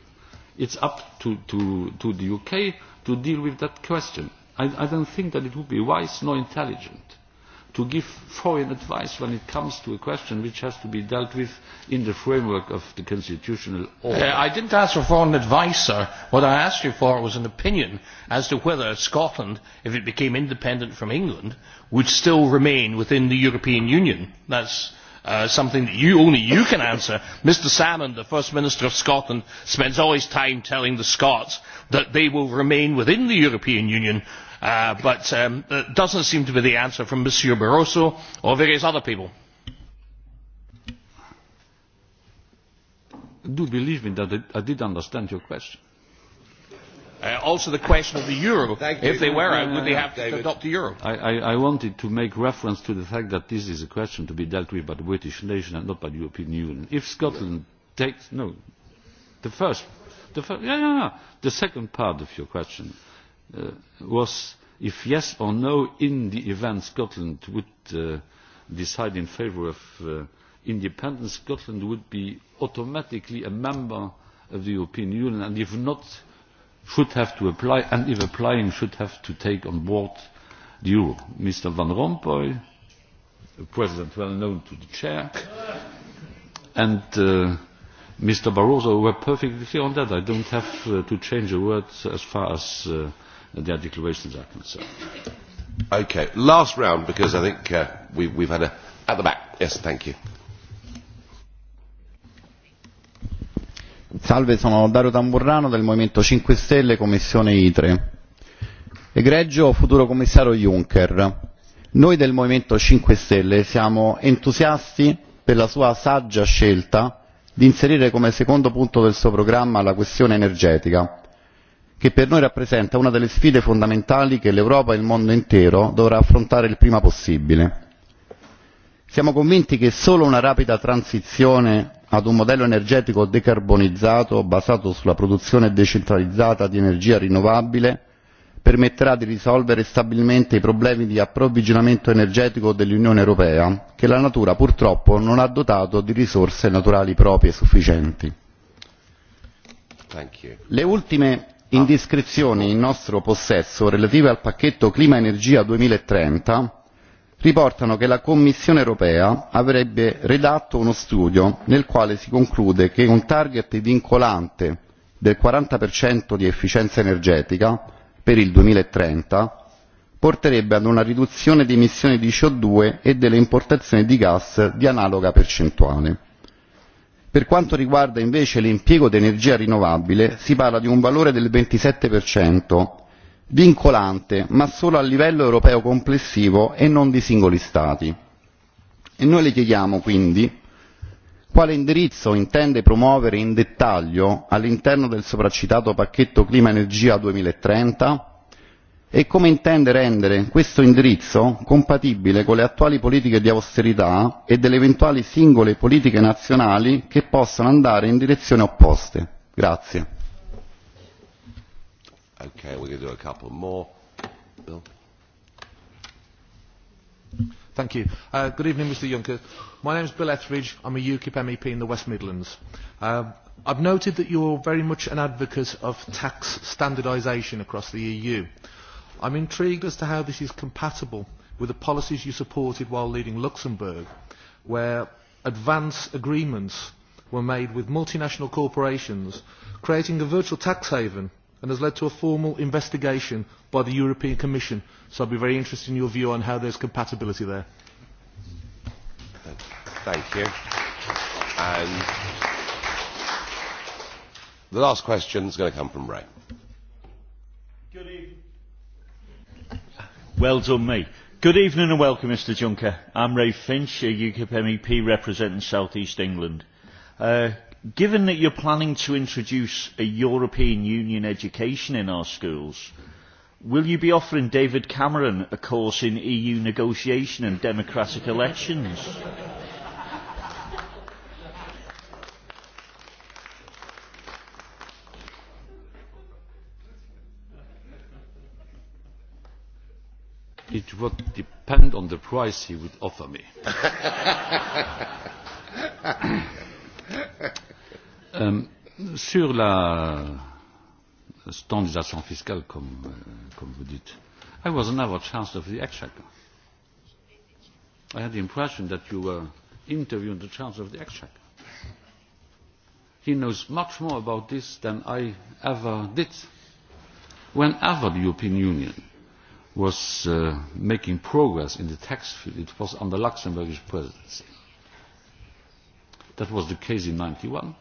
It's up to to the UK to deal with that question. I don't think that it would be wise nor intelligent to give foreign advice when it comes to a question which has to be dealt with in the framework of the constitutional order. I didn't ask for foreign advice, sir. What I asked you for was an opinion as to whether Scotland, if it became independent from England, would still remain within the European Union. That's something that you only you can answer. Mr Salmon, the First Minister of Scotland, spends all his time telling the Scots that they will remain within the European Union, but that doesn't seem to be the answer from Monsieur Barroso or various other people. Do believe me that I did understand your question. Also the question of the euro. If they were, would they have to adopt the euro? I wanted to make reference to the fact that this is a question to be dealt with by the British nation and not by the European Union. If Scotland takes no, the first, the first, the second part of your question was if yes or no, in the event Scotland would decide in favour of independence, Scotland would be automatically a member of the European Union, and if not should have to apply and if applying should have to take on board the euro. Mr Van Rompuy, a president well known to the chair, and Mr Barroso were perfectly clear on that. I don't have to change a word as far as their declarations are concerned. Okay, last round because I think we've had a at the back. Yes, thank you. Salve, sono Dario Tamburrano del Movimento 5 Stelle, Commissione ITRE. Egregio futuro commissario Juncker, noi del Movimento 5 Stelle siamo entusiasti per la sua saggia scelta di inserire come secondo punto del suo programma la questione energetica, che per noi rappresenta una delle sfide fondamentali che l'Europa e il mondo intero dovrà affrontare il prima possibile siamo convinti che solo una rapida transizione ad un modello energetico decarbonizzato basato sulla produzione decentralizzata di energia rinnovabile permetterà di risolvere stabilmente i problemi di approvvigionamento energetico dell'unione europea che la natura purtroppo non ha dotato di risorse naturali proprie sufficienti. le ultime indiscrezioni in nostro possesso relative al pacchetto clima energia 2030 riportano che la Commissione europea avrebbe redatto uno studio nel quale si conclude che un target vincolante del 40% di efficienza energetica per il 2030 porterebbe ad una riduzione di emissioni di CO2 e delle importazioni di gas di analoga percentuale. Per quanto riguarda invece l'impiego di energia rinnovabile si parla di un valore del 27% vincolante ma solo a livello europeo complessivo e non di singoli stati e noi le chiediamo quindi quale indirizzo intende promuovere in dettaglio all'interno del sopracitato pacchetto clima energia 2030 e come intende rendere questo indirizzo compatibile con le attuali politiche di austerità e delle eventuali singole politiche nazionali che possano andare in direzioni opposte Okay, we're going to do a couple more. Bill. Thank you. Good evening, Mr Juncker. My name is Bill Etheridge. I'm a UKIP MEP in the West Midlands. I've noted that you're very much an advocate of tax standardisation across the EU. I'm intrigued as to how this is compatible with the policies you supported while leading Luxembourg, where advance agreements were made with multinational corporations, creating a virtual tax haven and has led to a formal investigation by the European Commission. So I'd be very interested in your view on how there's compatibility there. Thank you. And the last question is going to come from Ray. Good evening. Well done, me. Good evening and welcome, Mr Juncker. I'm Ray Finch, a UKIP MEP representing South East England. Given that you're planning to introduce a European Union education in our schools, will you be offering David Cameron a course in EU negotiation and democratic elections? It would depend on the price he would offer me. Sur la standardisation fiscale, comme vous dites, I was never chancellor of the Exchequer. I had the impression that you were interviewing the chancellor of the Exchequer. He knows much more about this than I ever did. Whenever the European Union was making progress in the tax field, it was under Luxembourgish presidency. That was the case in 1991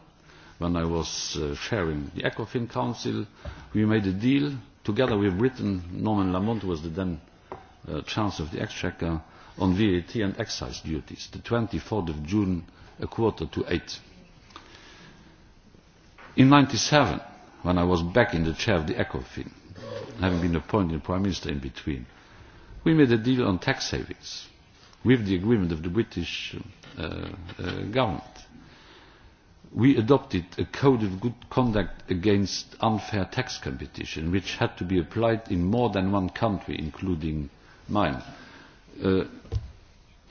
when I was chairing the ECOFIN Council. We made a deal together with Britain. Norman Lamont was the then Chancellor of the Exchequer on VAT and excise duties, the 24th of June, a quarter to eight. In seven, when I was back in the chair of the ECOFIN, having been appointed Prime Minister in between, we made a deal on tax savings with the agreement of the British government we adopted a code of good conduct against unfair tax competition which had to be applied in more than one country including mine.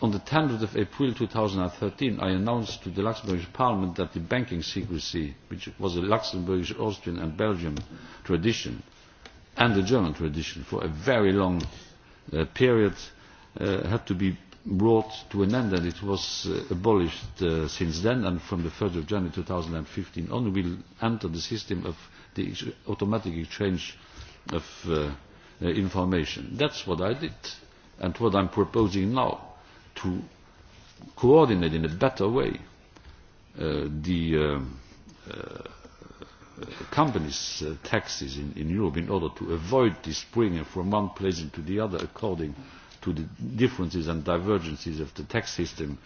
on the 10th of april 2013 i announced to the Luxembourgish parliament that the banking secrecy which was a Luxembourgish, austrian and belgian tradition and a german tradition for a very long period had to be brought to an end and it was abolished since then and from the 1st of January 2015 on will enter the system of the automatic exchange of information. That's what I did and what I'm proposing now to coordinate in a better way the companies' taxes in Europe in order to avoid this springing from one place into the other according to the differences and divergences of the tax system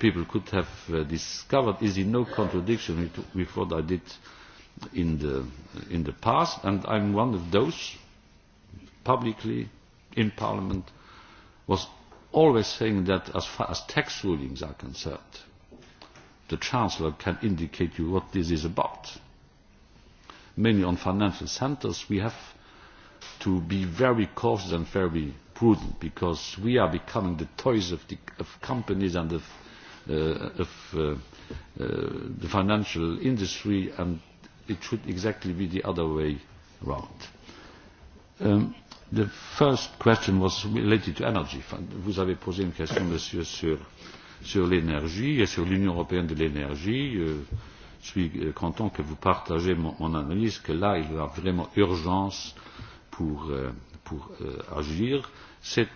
people could have discovered is in no contradiction with what I did in the in the past and I'm one of those publicly in Parliament was always saying that as far as tax rulings are concerned the Chancellor can indicate you what this is about. Mainly on financial centres we have to be very cautious and very prudent because we are becoming the toys of companies and of the financial industry and it should exactly be the other way round. The first question was related to energy. Vous avez posé une question, monsieur, sur l'énergie et sur l'Union européenne de l'énergie. Je suis content que vous partagez mon analyse que là, il y a vraiment urgence pour agir. C'est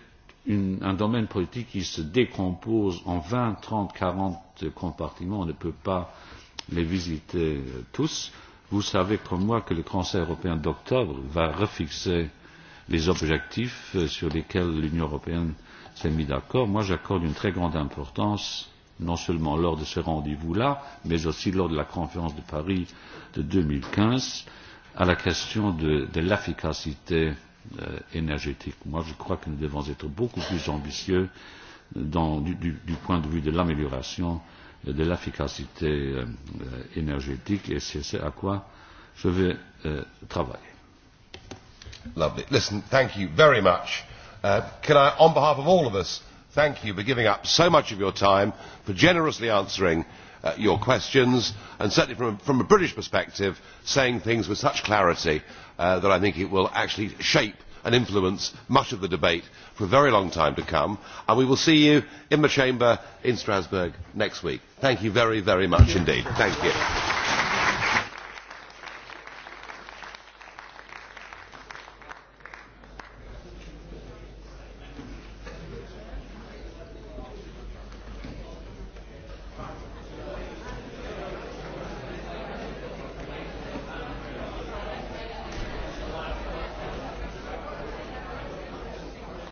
un domaine politique qui se décompose en 20, 30, 40 compartiments. On ne peut pas les visiter tous. Vous savez comme moi que le Conseil européen d'octobre va refixer les objectifs sur lesquels l'Union européenne s'est mise d'accord. Moi, j'accorde une très grande importance, non seulement lors de ce rendez-vous-là, mais aussi lors de la conférence de Paris de 2015, à la question de de l'efficacité énergétique. Moi, je crois que nous devons être beaucoup plus ambitieux dans, du du, du point de vue de l'amélioration de l'efficacité énergétique et c'est ce à quoi je vais travailler. Lovely. Listen, thank you very much. Can I, on behalf of all of us, thank you for giving up so much of your time, for generously answering your questions and certainly from a British perspective saying things with such clarity that I think it will actually shape and influence much of the debate for a very long time to come and we will see you in the chamber in Strasbourg next week. Thank you very, very much indeed. Thank you.